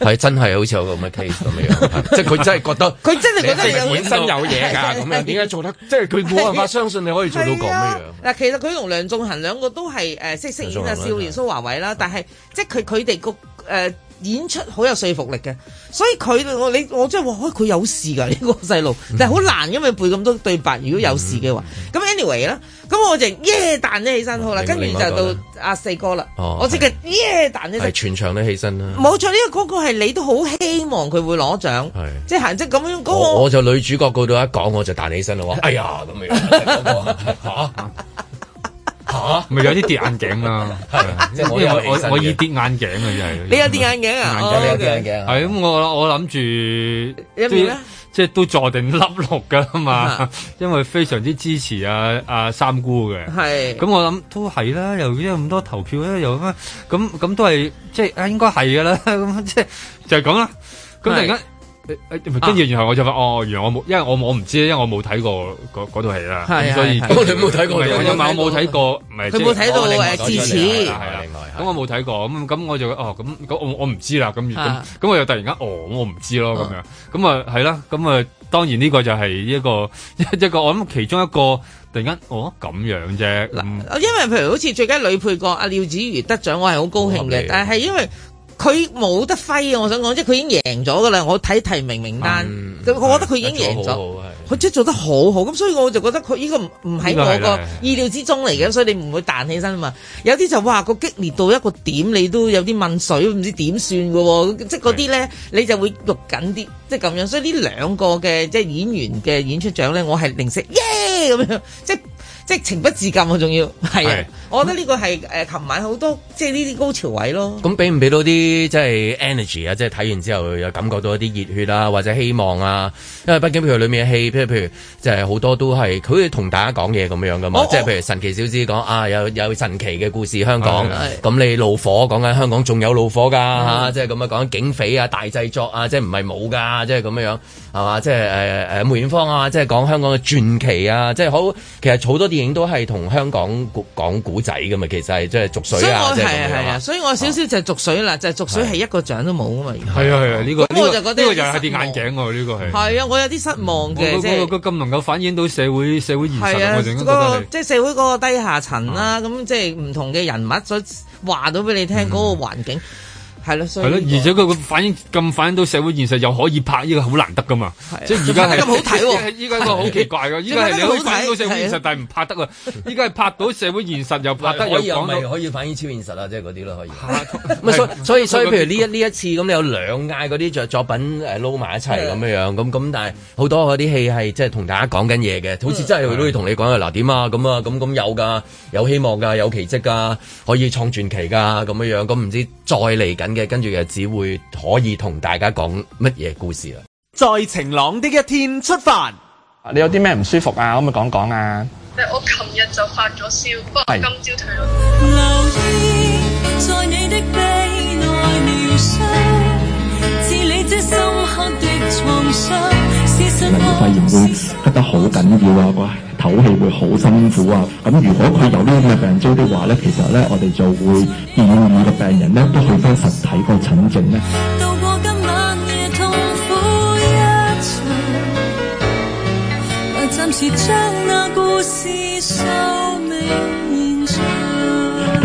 係真係好似有個咁嘅 case 咁嘅樣，即係佢真係覺得，佢真係覺得有本身有嘢噶咁樣，點解做得？即係佢冇辦法相信你可以做到咁嘅樣。嗱，其實佢同梁仲恒兩個都係誒，飾演嘅少年蘇華偉啦，但係即係佢佢哋個誒。演出好有說服力嘅，所以佢我你我真係話，佢、哎、有事噶呢、這個細路，但係好難，因為背咁多對白。如果有事嘅話，咁 anyway 啦，咁、嗯、我就耶彈咗起身好啦，跟住就到阿四哥啦，哦、我即刻耶彈咗。係全場都起身啦。冇錯，呢、這個嗰個係你都好希望佢會攞獎，是即係行即咁樣嗰、那個我。我就女主角嗰度一講我就彈起身咯喎，哎呀咁樣 [LAUGHS] [LAUGHS] [LAUGHS] 嚇，咪有啲跌眼鏡啦，係，我我我易跌眼鏡啊，真係。你有跌眼鏡啊？眼鏡你有啲眼鏡啊？係、嗯、咁，我我諗住，即係即係都坐定笠落噶啦嘛，因為非常之支持啊啊三姑嘅，係。咁是的、嗯、我諗都係啦，又因為咁多投票咧，又咁，咁咁都係即係啊，應該係噶啦，咁即係就係咁啦。咁突然間。 [LAUGHS] arose [LAUGHS] 跟住然後我就話哦，原來我冇，因為我我唔知，因為我冇睇過嗰套戲啦，所以我冇睇過。有冇啊？我冇睇過，唔係佢冇睇到嘅支持，係啦，咁我冇睇過，咁咁我就哦，咁我我唔知啦，咁咁我又突然間哦，我唔知咯，咁樣，咁啊係啦，咁啊當然呢個就係一個一個我諗其中一個，突然間哦咁樣啫。嗱，因為譬如好似最佳女配角阿廖子瑜得獎，我係好高興嘅，但係因為。佢冇得揮啊！我想講，即係佢已經贏咗噶啦。我睇提名名單，嗯、我覺得佢已經贏咗，佢真係做得好好。咁所以我就覺得佢呢個唔唔係我個意料之中嚟嘅，所以你唔會彈起身嘛。有啲就話個激烈到一個點，你都有啲問水，唔知點算嘅。即係嗰啲咧，是你就會肉緊啲，即係咁樣。所以呢兩個嘅即係演員嘅演出獎咧，我係零舍耶咁樣，即係。即係情不自禁好重要，係啊！啊是啊我覺得呢個係誒琴晚好多即係呢啲高潮位咯、嗯。咁俾唔俾到啲即係 energy 啊？即係睇完之後又感覺到一啲熱血啊或者希望啊！因為畢竟譬如裏面嘅戲，譬如譬如即係好多都係佢同大家講嘢咁樣噶嘛，我即係譬如神奇小子講啊，有有神奇嘅故事香港。咁對你怒火講緊香港仲有怒火㗎嚇、啊啊，即係咁樣講警匪啊、大製作啊，即係唔係冇㗎，即係咁樣樣係嘛？即係誒誒梅艷芳啊，即係講香港嘅傳奇啊，即係好其實好多。電影都係同香港講古仔噶嘛，其實係即係濁水。係啊係啊，所以我少少就濁水啦，就濁水係一個獎都冇噶嘛。係啊係啊，呢個呢個就係跌眼鏡哦，呢個係。係啊，我有啲失望嘅，即係個咁能夠反映到社會社會現實嘅，個即係社會嗰個低下層啦，咁即係唔同嘅人物，所以話到俾你聽嗰個環境。係咯，而且佢個反映咁反映到社會現實又可以拍呢個好難得噶嘛，即係而家係咁好睇喎，依家係好奇怪噶，依家係你可以反映到社會現實，但係唔拍得啊，依家係拍到社會現實又拍得又講到可以反映超現實啊，即係嗰啲咯可以。所所以所以譬如呢一呢一次咁，有兩屆嗰啲作作品誒撈埋一齊咁樣樣，咁咁但係好多嗰啲戲係即係同大家講緊嘢嘅，好似真係都會同你講嘅嗱點啊咁啊咁咁有噶，有希望噶，有奇迹噶，可以創傳奇噶咁樣樣，咁唔知再嚟緊跟住又只會可以同大家講乜嘢故事啦。在晴朗的一天出發。你有啲咩唔舒服啊？可唔可以講講啊？我琴日就發咗燒，不過是今朝退咗。例如肺炎會咳得好緊要啊，個唞氣會好辛苦啊。咁如果佢有呢啲咁嘅病徵的話咧，其實咧我哋就會建議個病人咧都去翻實體個診症咧。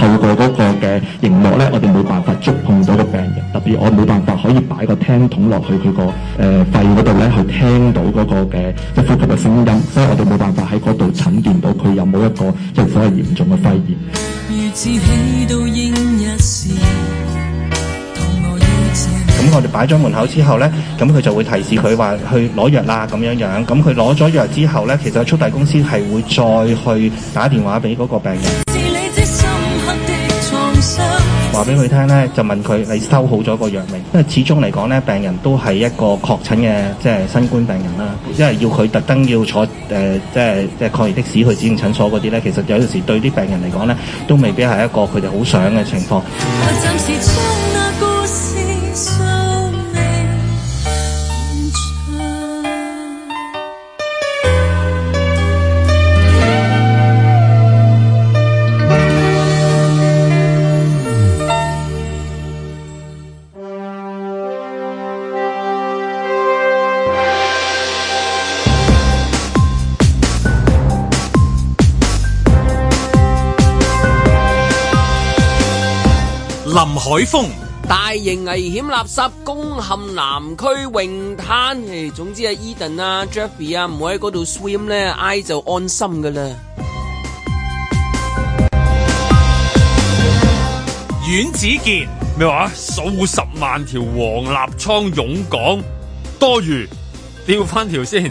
透過嗰個嘅熒幕咧，我哋冇辦法觸碰到個病人，特別我冇辦法可以擺個聽筒落去佢個誒肺嗰度咧，去聽到嗰個嘅即係呼吸嘅聲音，所以我哋冇辦法喺嗰度診斷到佢有冇一個即係所謂嚴重嘅肺炎。咁我哋擺咗門口之後咧，咁佢就會提示佢話去攞藥啦，咁樣樣。咁佢攞咗藥之後咧，其實速遞公司係會再去打電話俾嗰個病人。話俾佢聽呢，就問佢你收好咗個藥未，因為始終嚟講呢，病人都係一個確診嘅即係新冠病人啦。因為要佢特登要坐誒、呃，即係即係抗疫的士去指定診所嗰啲呢，其實有陣時對啲病人嚟講呢，都未必係一個佢哋好想嘅情況。颱風，大型危險垃圾攻陷南區泳灘，唉，總之阿、e、Eden 啊、Jeffrey 啊唔會喺嗰度 swim 咧，I 就安心㗎喇。阮子健，咩話？數十萬條黃立倉湧港，多餘，釣翻條先。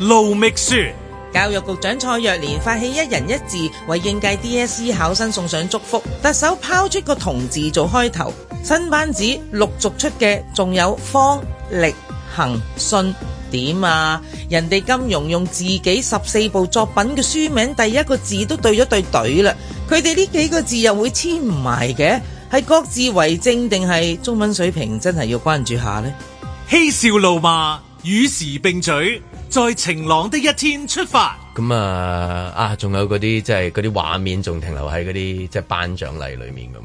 路覓船。 [MUSIC] 教育局長蔡若蓮發起一人一字為應屆 DSE 考生送上祝福，特首拋出個同字做開頭，新班子陸續出嘅仲有方、力、行、信點啊？人哋金庸用自己十四部作品嘅書名第一個字都對咗對懟啦，佢哋呢幾個字又會黐唔埋嘅，係各自為政定係中文水平真係要關注下呢？嬉笑怒罵與時並舉。在晴朗的一天出發，咁啊啊，仲有嗰啲即係嗰啲畫面，仲停留喺嗰啲即係頒獎禮裏面咁。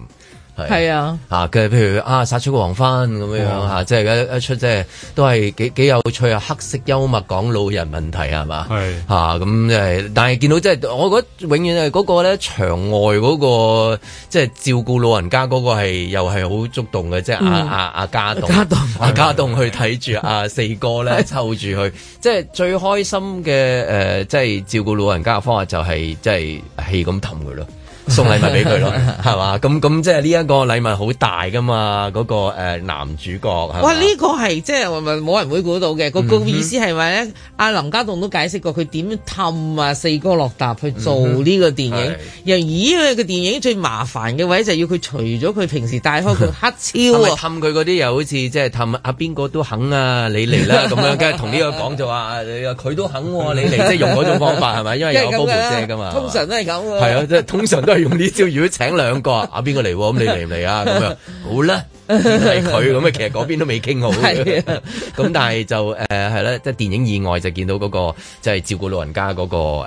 係啊，嚇、啊、譬如啊，殺出個黃昏咁樣樣嚇哇、啊，即係一,一出即係都係幾幾有趣啊！黑色幽默講老人問題係嘛？係嚇咁即係，但係見到即係我覺得永遠係、那、嗰個咧場外嗰個即係照顧老人家嗰、那個係又係好觸動嘅，即係阿阿阿家棟，阿家棟去睇住阿四哥咧湊住佢，即係最開心嘅誒，即係照顧老人家嘅方法就係、是、即係氣咁氹佢咯。送禮物俾佢咯，係嘛？咁咁即係呢一個禮物好大噶嘛？嗰個誒男主角哇，呢個係即係冇人會估到嘅。個意思係話咧，阿林家棟都解釋過佢點樣氹啊四哥落達去做呢個電影。又咦，佢個電影最麻煩嘅位就係要佢除咗佢平時帶開個黑超啊，氹佢嗰啲又好似即係氹啊邊個都肯啊，你嚟啦，咁樣。跟住同呢個講就話，佢都肯喎，你嚟，即係用嗰種方法係咪？因為有保護遮噶嘛。通常都係咁。係啊，即係通常都。 [LAUGHS] 用呢招，如果請兩個啊，邊個嚟？咁你嚟唔嚟啊？咁、啊啊、樣好啦，係佢咁啊。其實嗰邊都未傾好咁 [LAUGHS] 的、嗯、但係就誒係咧，即、呃、係電影以外就見到嗰、那個即係、就是、照顧老人家嗰、那個誒，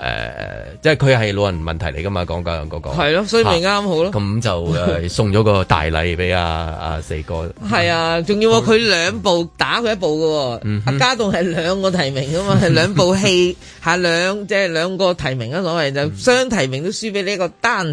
即係佢係老人問題嚟㗎嘛，講緊嗰、那個係咯，所以咪啱好咯。咁、啊、就誒、呃、送咗個大禮俾阿阿四哥，係啊，仲、啊啊、要佢兩部打佢一部嘅喎，阿的、嗯、哼家棟係兩個提名㗎嘛，係兩部戲係 [LAUGHS] 兩即係、就是、兩個提名啊，所謂就雙提名都輸俾呢個單。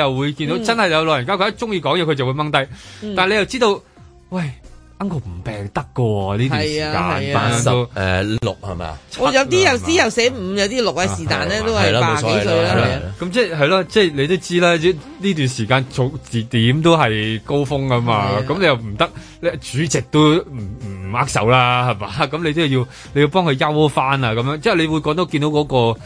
又會見到真係有老人家，佢一中意講嘢，佢就會掹低。但係你又知道，喂，uncle 唔病得嘅喎。呢段時間翻到誒六係嘛？我有啲有啲又寫五，有啲六嘅是但咧，都係八幾歲啦。咁即係係咯，即係你都知啦。呢呢段時間早字點都係高峰㗎嘛。咁你又唔得，主席都唔唔握手啦，係嘛？咁你都要你要幫佢休翻啊，咁樣即係你會講到見到嗰個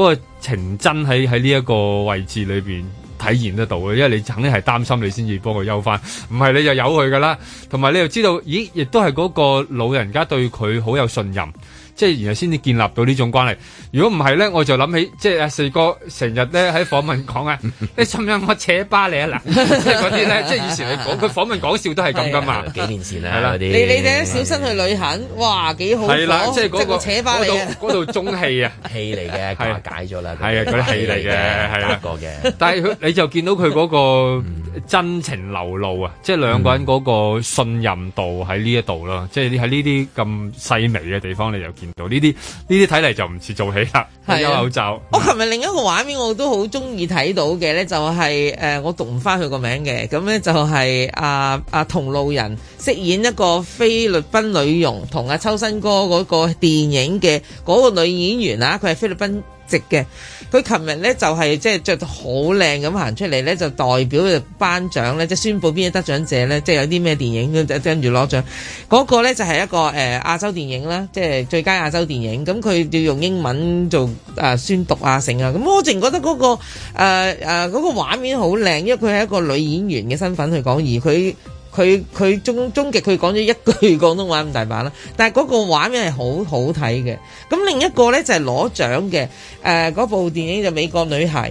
嗰個情真喺喺呢一個位置裏邊。體驗得到嘅，因為你肯定係擔心你先至幫佢修返，唔係你就由佢㗎啦。同埋你又知道，咦，亦都係嗰個老人家對佢好有信任，即係然後先至建立到呢種關係。如果唔係咧，我就諗起即係阿四哥成日咧喺訪問講啊，你心諗我扯巴你啊嗱，即係嗰啲咧，即係以前你講，佢訪問講笑都係咁噶嘛，幾年前啊，係啦啲你你哋小心去旅行，哇幾好，係啦，即係嗰個扯巴你啊，嗰度中戲啊，戲嚟嘅，係解咗啦，係啊，嗰啲戲嚟嘅，係啊，講嘅，但係佢你就見到佢嗰個真情流露啊，即係兩個人嗰個信任度喺呢一度咯，即係喺呢啲咁細微嘅地方你就見到呢啲呢啲睇嚟就唔似做戲。係有口罩。我琴日、啊哦、另一個畫面我都好中意睇到嘅呢，就係、是、誒、呃，我讀唔翻佢個名嘅。咁呢、啊，就係阿阿同路人飾演一個菲律賓女傭，同阿、啊、秋生哥嗰個電影嘅嗰個女演員啊，佢係菲律賓籍嘅。佢琴日咧就係即係着到好靚咁行出嚟咧，就代表佢哋頒獎咧，即係宣布邊啲得獎者咧，即係有啲咩電影跟住攞獎。嗰、那個咧就係一個誒、呃、亞洲電影啦，即係最佳亞洲電影。咁佢要用英文做誒、呃、宣讀啊，成啊。咁我淨覺得嗰、那個誒誒嗰個畫面好靚，因為佢係一個女演員嘅身份去講，而佢。佢佢終終極佢講咗一句廣東話咁大把啦，但係嗰個畫面係好好睇嘅。咁另一個咧就係、是、攞獎嘅，誒、呃、嗰部電影就《美國女孩》。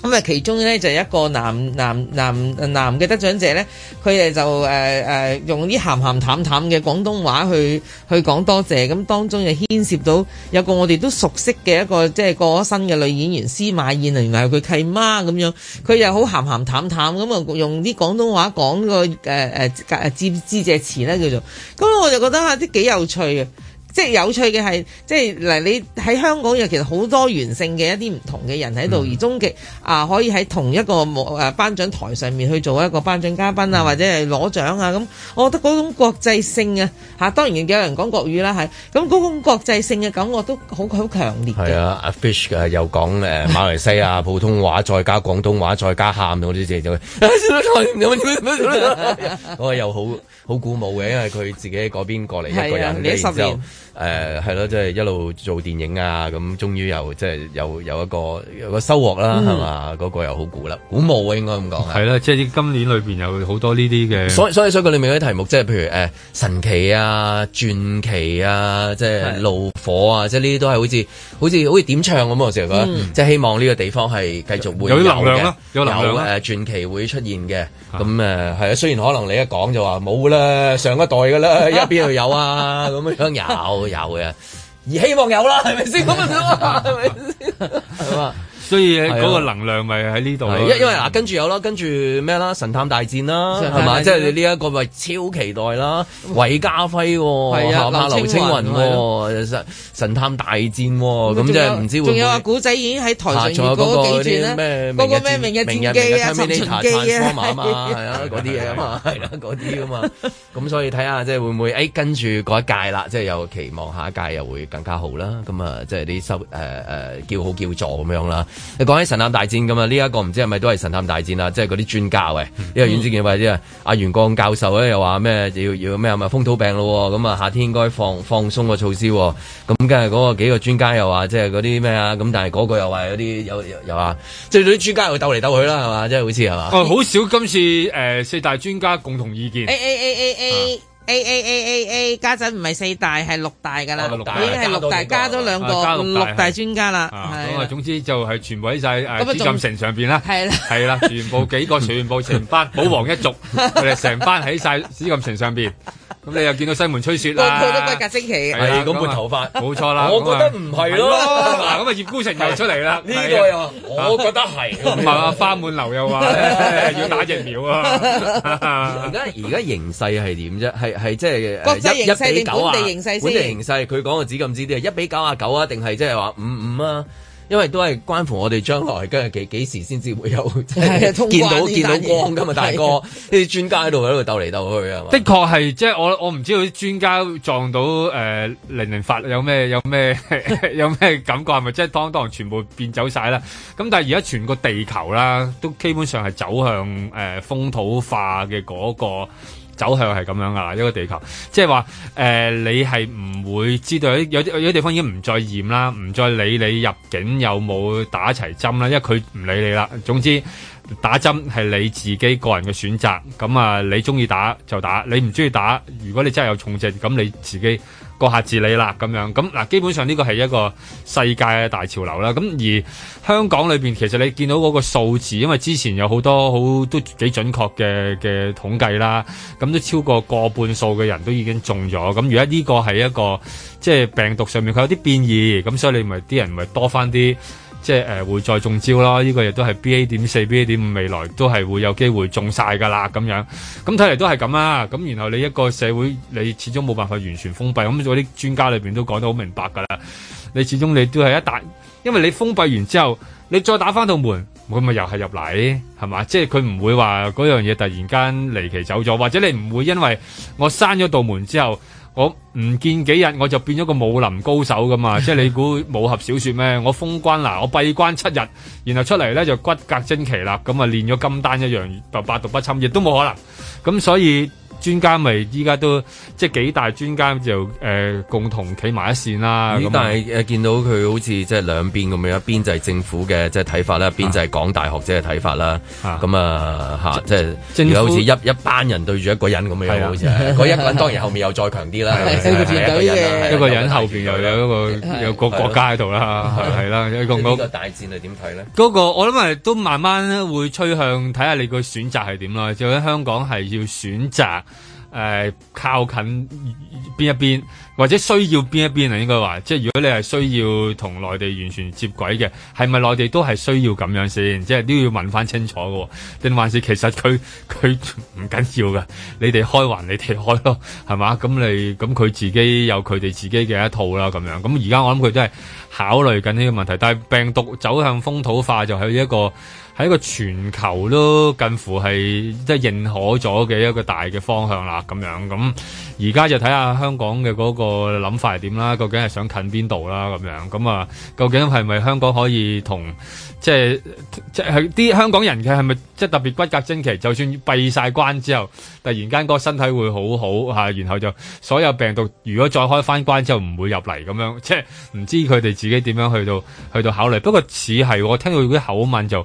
咁啊，其中咧就是、一個男男男男嘅得獎者咧，佢哋就誒誒、呃呃、用啲鹹鹹淡淡嘅廣東話去去講多謝，咁當中就牽涉到有個我哋都熟悉嘅一個即係過咗身嘅女演員司馬燕啊，原來係佢契媽咁樣，佢又好鹹鹹淡淡咁啊，用啲廣東話講個誒誒誒致致謝詞咧叫做，咁我就覺得啊，啲幾有趣嘅。即係有趣嘅係，即係嗱，你喺香港又其實好多元性嘅一啲唔同嘅人喺度，而終極啊可以喺同一個誒頒獎台上面去做一個頒獎嘉賓啊，嗯、或者係攞獎啊咁，我覺得嗰種國際性啊嚇，當然有人講國語啦，係咁嗰種國際性嘅感覺都好好強烈嘅。係啊，Fish 又講誒馬來西亞普通話，再加廣東話，再加喊嗰啲字就，嗰個 [LAUGHS] [LAUGHS] 又好好鼓舞嘅，因為佢自己喺嗰邊過嚟一個人嘅，然誒係咯，即係一路做電影啊，咁終於又即係有有一個有一個收穫啦，係嘛、嗯？嗰、那個又好鼓勵鼓舞啊，應該咁講。係啦，即係今年裏邊有好多呢啲嘅。所所以，所以佢裏面啲題目，即係譬如誒、呃、神奇啊、傳奇啊、即係怒火啊，即係呢啲都係好似的好似好似點唱咁啊！成日覺得，即係希望呢個地方係繼續會有流能量、啊、有流量誒、啊、傳、呃、奇會出現嘅。咁誒係啊、嗯，雖然可能你一講就話冇啦，上一代嘅啦，一邊度有啊，咁樣 [LAUGHS] [LAUGHS] 有、啊。 [LAUGHS] 有嘅，而希望有啦，係咪先咁啊？係咪先？係嘛？所以嗰個能量咪喺呢度因因為嗱跟住有啦，跟住咩啦？神探大戰啦，係嘛？即係呢一個咪超期待啦！韋家輝，下劉青雲，神神探大戰，咁即係唔知會仲有啊？古仔已經喺台上嗰幾轉咧，嗰個咩明日戰記啊，新戰記啊，係啊，嗰啲嘢啊嘛，係啦，嗰啲啊嘛，咁所以睇下即係會唔會誒跟住嗰一屆啦，即係又期望下一屆又會更加好啦。咁啊，即係啲收誒誒叫好叫座咁樣啦。你講起神探大戰咁啊，呢、這、一個唔知係咪都係神探大戰啊，即係嗰啲專家喂、哎，因為見、嗯啊、袁志健或者阿元光教授咧又話咩要要咩啊嘛，就是、風土病咯、哦、咁、嗯、啊夏天應該放放鬆個措施、哦，咁梗係嗰個幾個專家又話即係嗰啲咩啊，咁但係嗰個又話有啲有又話，即係啲專家又鬥嚟鬥去啦，係嘛，即係好似係嘛，好少今次誒、呃、四大專家共同意見。欸欸欸欸欸欸 A A A A A 家陣唔係四大係六大噶啦，已經係六大加咗兩個六大專家啦。咁啊，的啊，總之就係全部喺晒誒，紫禁不、啊、城上邊啦。係啦，係啦的， [LAUGHS] 全部幾個全部全班，保皇一族，佢哋成班喺晒紫禁城上邊。 [LAUGHS] [LAUGHS] 咁你又見到西門吹雪啦？個個都不夾精奇，係咁半頭髮，冇錯啦。我覺得唔係咯，嗱咁啊葉孤城又出嚟啦。呢個又我覺得係，唔係話花滿樓又話要打疫苗啊？而家而家形勢係點啫？係係即係國際形勢定本地形勢先？本地形勢佢講嘅指咁知啲啊，一比九啊九啊，定係即係話五五啊？因為都係關乎我哋將來，跟住幾幾時先至會有 [LAUGHS] [LAUGHS] 見到見到光㗎嘛，大哥，呢啲專家喺度喺度鬥嚟鬥去啊嘛。的確係，即係我我唔知道啲專家撞到誒零零發有咩有咩 [LAUGHS] 有咩感覺，係咪即係當當全部變走晒啦？咁但係而家全個地球啦，都基本上係走向誒風土化嘅嗰個。走向係咁樣噶啦，一個地球，即係話誒，你係唔會知道有有有啲地方已經唔再驗啦，唔再理你入境有冇打齊針啦，因為佢唔理你啦。總之打針係你自己個人嘅選擇，咁啊，你中意打就打，你唔中意打，如果你真係有重症，咁你自己。個下治理啦咁樣，咁嗱基本上呢個係一個世界嘅大潮流啦。咁而香港裏邊其實你見到嗰個數字，因為之前有好多好都幾準確嘅嘅統計啦，咁都超過過半數嘅人都已經中咗。咁而家呢個係一個即係病毒上面佢有啲變異，咁所以你咪啲人咪多返啲。即係誒、呃，會再中招咯，呢、這個亦都係 B A 點四、B A 點五，未來都係會有機會中晒噶啦，咁樣，咁睇嚟都係咁啊，咁然後你一個社會，你始終冇辦法完全封閉，咁我啲專家裏邊都講得好明白噶啦，你始終你都係一打，因為你封閉完之後，你再打返道門，佢咪又係入嚟，係嘛？即係佢唔會話嗰樣嘢突然間離奇走咗，或者你唔會因為我閂咗道門之後。我唔見幾日我就變咗個武林高手噶嘛，即係你估武俠小說咩？我封關啦，我閉關七日，然後出嚟咧就骨骼精奇啦，咁啊練咗金丹一樣百毒不侵，亦都冇可能，咁、嗯、所以。專家咪依家都即係幾大專家就誒共同企埋一線啦。咁但係誒見到佢好似即係兩邊咁樣，一邊就係政府嘅即係睇法啦，一邊就係港大學者嘅睇法啦。咁啊嚇，即係好似一一班人對住一個人咁樣，好似嗰一個人當然後面又再強啲啦。一個人後邊又有一個有個國家喺度啦，係啦，一個個大戰係點睇咧？嗰個我諗係都慢慢會趨向睇下你個選擇係點啦。就喺香港係要選擇。誒、呃、靠近邊一邊，或者需要邊一邊啊？應該話，即係如果你係需要同內地完全接軌嘅，係咪內地都係需要咁樣先？即係都要問翻清楚嘅，定還是其實佢佢唔緊要嘅？你哋開還你哋開咯，係嘛？咁你咁佢自己有佢哋自己嘅一套啦，咁樣。咁而家我諗佢都係考慮緊呢個問題，但係病毒走向風土化就係一個。喺一個全球都近乎係即係認可咗嘅一個大嘅方向啦，咁樣咁而家就睇下香港嘅嗰個諗法係點啦，究竟係想近邊度啦咁樣咁啊？究竟係咪香港可以同即係即係啲香港人嘅係咪即係特別骨骼精奇？就算閉晒關之後，突然間個身體會好好嚇、啊，然後就所有病毒如果再開翻關之後唔會入嚟咁樣，即係唔知佢哋自己點樣去到去到考慮。不過似係我聽到啲口吻就。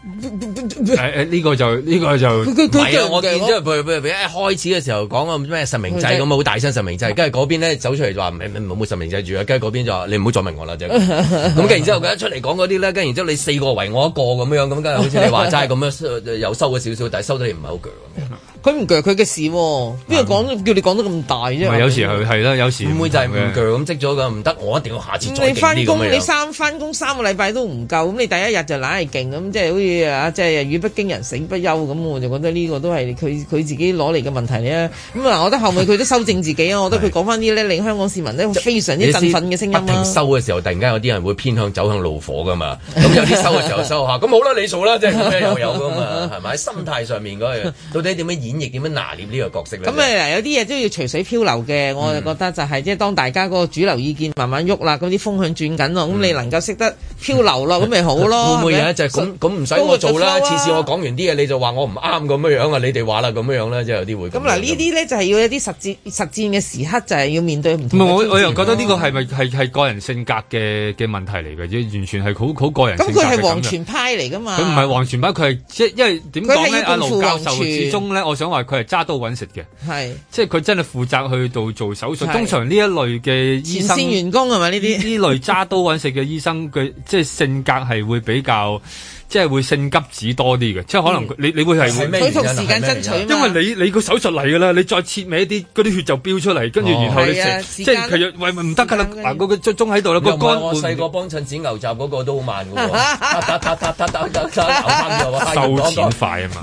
誒誒，呢、 [NOISE] 欸欸這個就呢、這個就唔係 [NOISE] 啊！我知，即係佢佢佢一開始嘅時候講個咩實名制咁好大聲實名制。跟住嗰邊咧走出嚟就話唔唔冇冇實名制住啊，跟住嗰邊就話你唔好再問我啦，就咁。 [LAUGHS] 咁跟住之後佢一出嚟講嗰啲咧，跟住之後你四個圍我一個咁樣，咁跟住好似你話齋咁樣又收咗少少，但係收得你唔係好強。佢唔鋸佢嘅事，邊個講叫你講得咁大啫？唔有時佢係啦，有時妹會就係唔鋸咁積咗噶，唔得，我一定要下次。你翻工，你三翻工三個禮拜都唔夠，咁你第一日就懶係勁，咁即係好似即係語不驚人，死不休咁，我就覺得呢個都係佢佢自己攞嚟嘅問題咧。咁啊，我覺得後尾佢都修正自己啊，我覺得佢講翻啲咧令香港市民咧非常之振奮嘅聲音。收嘅時候突然間有啲人會偏向走向怒火噶嘛，咁有啲收嘅時候收下，咁好啦，你做啦，即係又有噶嘛，係咪？心態上面嗰樣到底點樣？演繹點樣拿捏呢個角色咧？咁啊，有啲嘢都要隨水漂流嘅。我就覺得就係即係當大家嗰個主流意見慢慢喐啦，嗰啲風向轉緊咯。咁你能夠識得漂流咯，咁咪好咯。會唔會嘢就係咁咁唔使我做啦？次次我講完啲嘢你就話我唔啱咁樣啊？你哋話啦，咁樣咧，即係有啲會咁。嗱，呢啲咧就係要一啲實戰實戰嘅時刻，就係要面對唔同。我又覺得呢個係咪係係個人性格嘅嘅問題嚟嘅？即完全係好好個人。咁佢係黃泉派嚟㗎嘛？佢唔係黃泉派，佢係即係因為點講咧？阿盧教授始終咧，我。想話佢係揸刀揾食嘅，係是即係佢真係負責去度做手術。是通常呢一類嘅醫生，前線員工係咪呢啲？呢類揸刀揾食嘅醫生，佢 [LAUGHS] 即係性格係會比較。即係會性急子多啲嘅，即係可能你你會係會咩？佢同時間爭取，因為你你個手術嚟㗎啦，你再切歪啲，嗰啲血就飆出嚟，跟住然後你即係其實喂，唔得㗎啦，嗱個個鐘喺度啦，個肝慢。我細個幫襯剪牛雜嗰個都好慢㗎喎，收錢快啊嘛！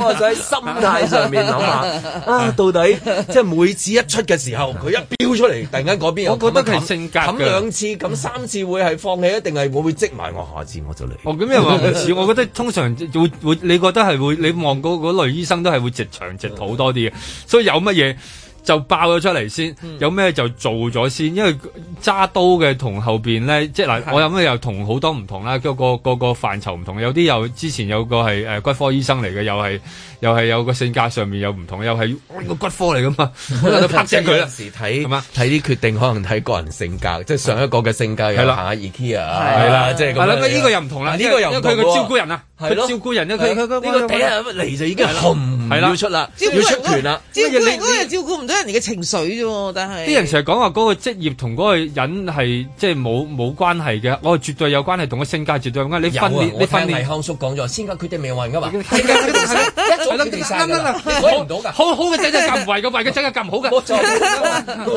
我就喺心態上面諗下到底即係每次一出嘅時候，佢一飆出嚟，突然間嗰邊有。我覺得佢性格。咁兩次，咁三次會係放棄，定係會會？積埋我下次我就嚟。哦，咁又話唔似， [LAUGHS] 我覺得通常會 [LAUGHS] 會，你覺得係會，你望嗰嗰類醫生都係會直腸直肚多啲嘅，所以有乜嘢？就爆咗出嚟先，有咩就做咗先，因為揸刀嘅同後邊咧，即係嗱，我諗又同好多唔同啦，個個個個範疇唔同，有啲又之前有個係誒骨科醫生嚟嘅，又係又係有個性格上面有唔同，又係個骨科嚟噶嘛，咁就拍正佢時睇，係嘛，睇啲決定可能睇個人性格，即係上一個嘅性格又行下 IKEA 啊，係啦，即係咁樣。咁呢個又唔同啦，呢個又唔同，因為佢照顧人啊，佢照顧人啊，佢佢佢佢，呢個睇嚟就已經係。係啦，要出啦，要出團啦，照顧嗰啲人照顧唔到人哋嘅情緒啫喎，但係啲人成日講話嗰個職業同嗰個人係即係冇冇關係嘅，我係絕對有關係，同個性格絕對有關係。有啊，我係遺憾縮講咗先確決定命運噶嘛，係係係，一早決定曬㗎啦，改唔到噶，好好嘅仔就咁為，個壞嘅仔就咁唔好噶。冇錯，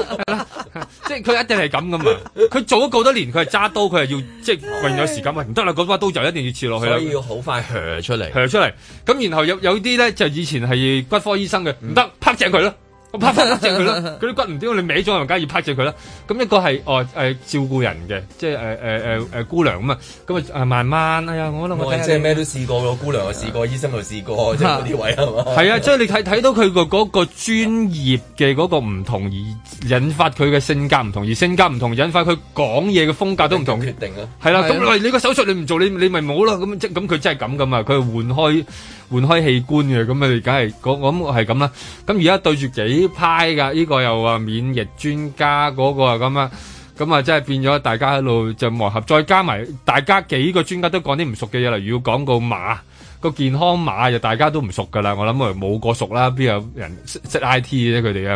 係啦，即係佢一定係咁噶嘛，佢做咗咁多年，佢係揸刀，佢係要即係運用時間啊，唔得啦，嗰把刀就一定要刺落去啦，要好快鋤出嚟，鋤出嚟，咁然後有有啲咧就以前。係骨科醫生嘅唔得，拍正佢咯，我拍翻拍正佢咯。佢啲 [LAUGHS] 骨唔掂，你歪咗，咪梗係要拍正佢啦。咁、嗯、一個係哦，誒、呃、照顧人嘅，即係誒誒誒誒姑娘咁啊，咁、呃、啊，慢慢哎呀，我諗我即係咩都試過咯，姑娘又試、啊呃呃就是、過，試過啊、醫生又試過，即係嗰啲位係嘛？係啊，即係吧、啊就是、你睇睇到佢個嗰個專業嘅嗰個唔同，而引發佢嘅性格唔同，而性格唔同，引發佢講嘢嘅風格都唔同。定決定啊，係啦，咁嚟你個手術你唔做，你你咪冇啦。咁即咁佢真係咁噶嘛？佢換開。換開器官嘅，咁佢哋梗係，我我係咁啦。咁而家對住幾派㗎？呢，這個又話免疫專家，那個，嗰個又咁啊。咁啊，真係變咗大家喺度就是，磨合，再加埋大家幾個專家都講啲唔熟嘅嘢，例如要講個馬。個健康碼就大家都唔熟噶啦，我諗冇個熟啦，邊有人識識 I T 嘅啫？佢哋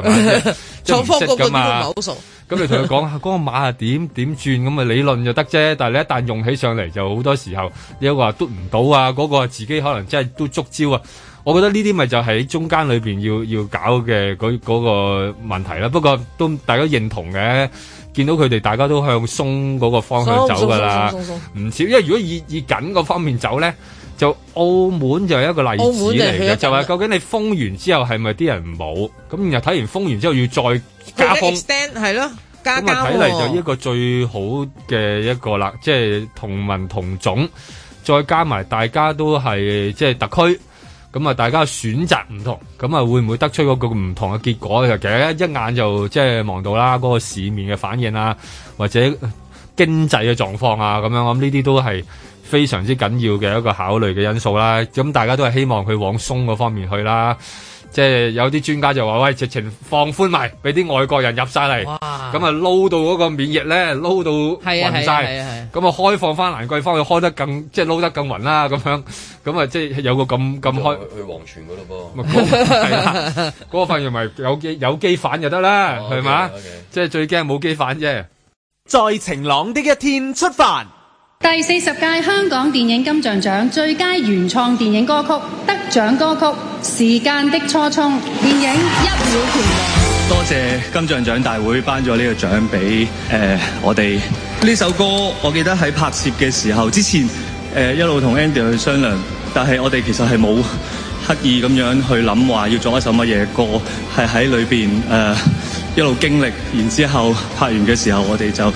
啊，就唔識噶嘛，咁你同佢講下嗰個碼係點點轉，咁啊理論就得啫。但係你一旦用起上嚟，就好多時候你話嘟唔到啊，嗰、嗰個自己可能真係都捉焦啊。我覺得呢啲咪就喺中間裏邊要要搞嘅嗰嗰個問題啦。不過都大家認同嘅，見到佢哋大家都向鬆嗰個方向走噶啦，唔少。因為如果以以緊個方面走咧。就澳門就係一個例子嚟嘅，就係、是、究竟你封完之後係咪啲人唔冇？咁然後睇完封完之後要再加封，係咯，加咁啊，睇嚟就呢個最好嘅一個啦，即係同文同種，再加埋大家都係即係特區，咁啊，大家選擇唔同，咁啊，會唔會得出嗰個唔同嘅結果？其實一一眼就即係望到啦，嗰、那個市面嘅反應啊，或者經濟嘅狀況啊，咁樣，咁呢啲都係，非常之緊要嘅一個考慮嘅因素啦，咁大家都係希望佢往鬆嗰方面去啦，即係有啲專家就話喂，直情放寬埋，俾啲外國人入晒嚟，咁啊哇 撈到嗰個免疫咧，撈到混晒，咁啊，啊，啊，啊開放返蘭桂坊，佢開得更，即係撈得更混啦，咁樣，咁啊即係有個咁咁開去黃泉嘅咯噃，係啦、那個，嗰、 [LAUGHS] 那個、份又咪有機有機反就得啦，係嘛？即係最驚冇機反啫，在晴朗一的一天出發。第四十屆香港電影金像獎最佳原創電影歌曲得獎歌曲《時間的初衷》，電影一《一秒拳王》。多謝金像獎大會頒咗呢個獎俾誒我哋。呢首歌，我記得喺拍攝嘅時候之前誒、呃、一路同 Andy 去商量，但係我哋其實係冇刻意咁樣去諗話要做一首乜嘢歌，係喺裏邊誒、呃、一路經歷，然後之後拍完嘅時候我哋就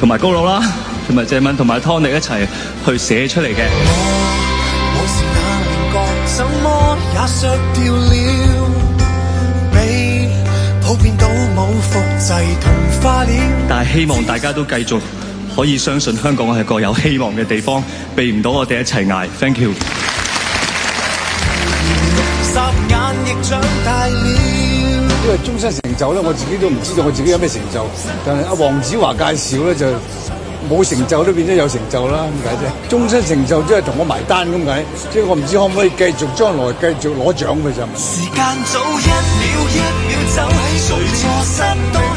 同埋高佬啦。同埋謝敏同埋 Tony 一齊去寫出嚟嘅。但係希望大家都繼續可以相信香港係個有希望嘅地方，避唔到我哋一齊捱。Thank you。因為終身成就咧，我自己都唔知道我自己有咩成就，但係阿黃子華介紹咧就。冇成就都變咗有成就啦，點解啫？終身成就即係同我埋單咁解，即係我唔知可唔可以繼續將來繼續攞獎嘅咋。時間一秒一秒走。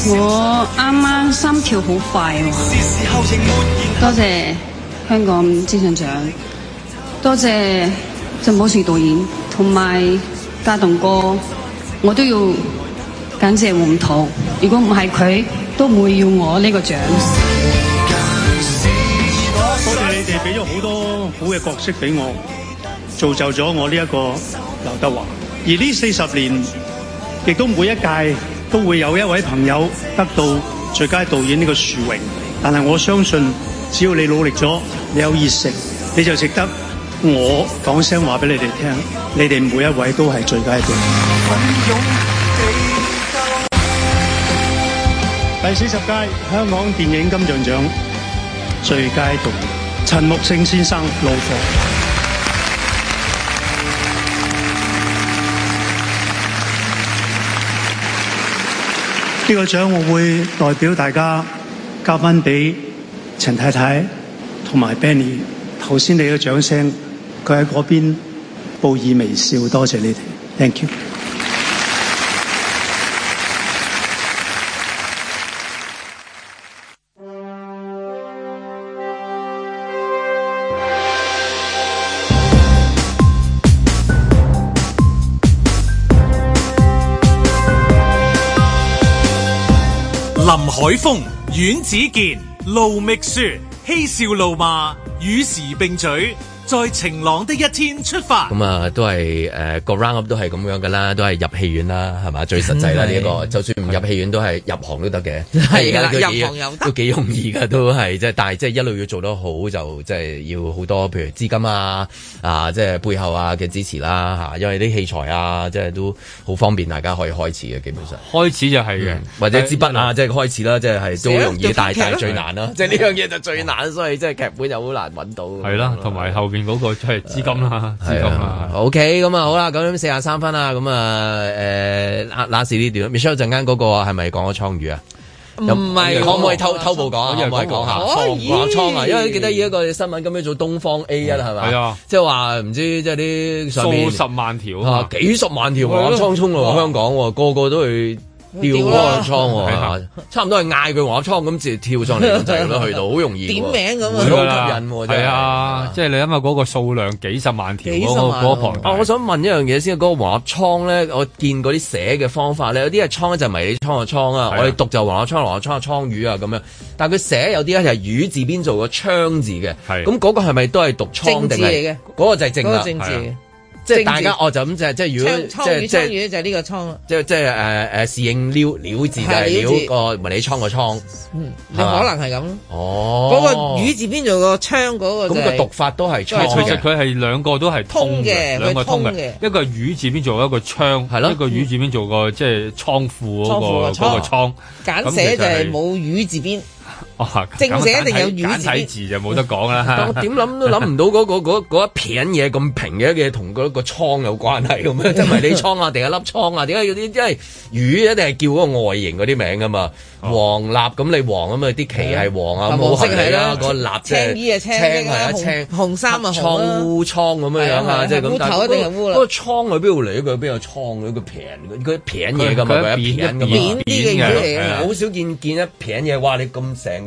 我啱啱心跳好快喎。多謝香港資政獎，多謝陳寶説導演同埋嘉頓哥，我都要感謝黃土，如果唔係佢，都唔會要我呢個獎。你哋俾咗好多好嘅角色俾我，造就咗我呢一個劉德華。而呢四十年，亦都每一屆都會有一位朋友得到最佳導演呢個殊榮。但係我相信，只要你努力咗，你有熱誠，你就值得。我講聲話俾你哋聽，你哋每一位都係最佳導演。第四十屆香港電影金像獎最佳導陳木勝先生，老佛，呢個獎我會代表大家交翻俾陳太太同埋 Benny。頭先你嘅掌聲，佢喺嗰邊報以微笑。多謝你哋，Thank you。海峰、阮子健、盧覓雪，嬉笑怒罵與時並舉。在晴朗的一天出發。咁啊，都係誒個 roundup 都係咁樣噶啦，都係入戲院啦，係嘛，最實際啦呢一個。就算唔入戲院都係入行都得嘅，係啦，入行又都幾容易噶，都係即係。但係即係一路要做得好就即係要好多，譬如資金啊啊，即係背後啊嘅支持啦吓。因為啲器材啊，即係都好方便，大家可以開始嘅基本上。開始就係嘅，或者支筆啊，即係開始啦，即係都好容易，但係最難啦。即係呢樣嘢就最難，所以即係劇本又好難揾到。係啦，同埋後邊。嗰個即係資金啦，資金啊。OK，咁啊好啦，九點四十三分啦，咁啊誒，那那是呢段。Michelle 陣間嗰個係咪講咗倉魚啊？唔係，可唔可以偷偷步講？可唔可以講下倉魚啊？因為記得一個新聞，今日做東方 A 一係咪？係啊，即係話唔知即係啲數十萬條啊，幾十萬條倉倉衝落香港喎，個個都去。跳個倉㗎，差唔多係嗌佢黃鴨倉咁直接跳上嚟就去到，好容易。點名咁好吸引，係啊，即係你諗下嗰個數量幾十萬條啊，我想問一樣嘢先，嗰個黃鴨倉咧，我見嗰啲寫嘅方法咧，有啲係倉就迷你倉個倉㗎，啊，我哋讀就黃鴨倉黃鴨倉啊，個倉魚啊咁樣。但係佢寫有啲咧係魚字邊做個昌字嘅，咁嗰個係咪都係讀倉字？嘅，嗰個就係正字。即係大家，我就咁就即係如果即係即係呢個倉即係即係誒誒，適應了了字就係了個迷你倉個倉。可能係咁哦，嗰個魚字邊做個倉嗰個。咁個讀法都係倉。其實佢係兩個都係通嘅，兩個通嘅。一個係魚字邊做一個倉，係咯。一個魚字邊做個即係倉庫嗰個倉個倉。簡寫就係冇魚字邊。正寫一定有魚字就冇得講啦。我點諗都諗唔到嗰個一片嘢咁平嘅嘢同嗰個倉有關係咁樣，即係你倉啊，定係粒倉啊？點解要啲即係魚一定係叫嗰個外形嗰啲名噶嘛？黃立咁你黃啊嘛？啲鰭係黃啊，冇色係啦，個立青衣啊，青係啊，青紅衫啊，倉烏倉咁樣樣啊，即係咁。但係個倉喺邊度嚟？佢邊有倉？佢個片佢片嘢噶嘛？佢一片咁樣。片啲嘅魚嚟好少見，見一片嘢哇！你咁醒。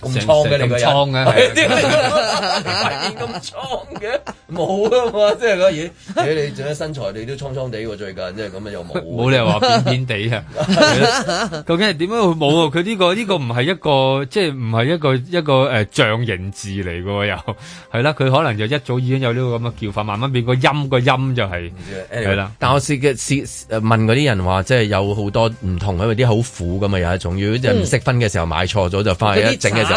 咁蒼嘅你個人，突然咁蒼嘅，冇啊嘛！即係嗰啲，你做咩身材你都蒼蒼地喎？最近即係咁樣，又冇冇理由話扁扁地啊？究竟係點樣？佢冇啊！佢呢個呢個唔係一個即係唔係一個一個誒象形字嚟嘅喎？又係啦，佢可能就一早已經有呢個咁嘅叫法，慢慢變個音個音就係係啦。但係我試嘅試問嗰啲人話，即係有好多唔同，因為啲好苦嘅嘛，又係重要。即係唔識分嘅時候買錯咗就翻去一整嘅時候。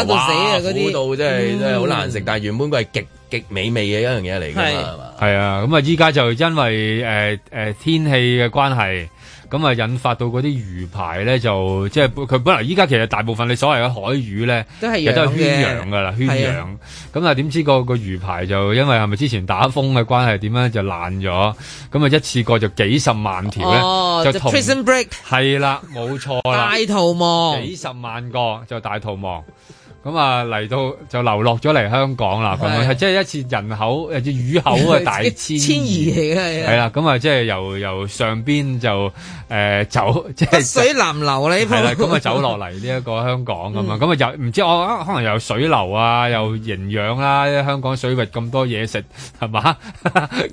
哇！嗰啲真係、嗯、真係好難食，嗯、但係原本佢係極極美味嘅一樣嘢嚟噶，係嘛？係啊，咁啊，依家就因為誒誒、呃呃、天氣嘅關係，咁啊引發到嗰啲魚排咧，就即係佢本來依家其實大部分你所謂嘅海魚咧，都係圈養嘅啦，圈養。咁啊，點知個個魚排就因為係咪之前打風嘅關係，點樣就爛咗？咁啊，一次過就幾十萬條咧，oh, 就 prison break，係啦，冇錯啦，大逃亡，幾十萬個就大逃亡。咁啊嚟到就流落咗嚟香港啦，咁啊是即係一次人口有隻魚口啊，大遷移嚟嘅，係啦的，咁啊的即係由由上邊就誒、呃、走即係水南流呢。係啦，咁啊走落嚟呢一個香港咁啊，咁啊又唔知我可能又有水流啊，又營養啦，因為香港水域咁多嘢食係嘛？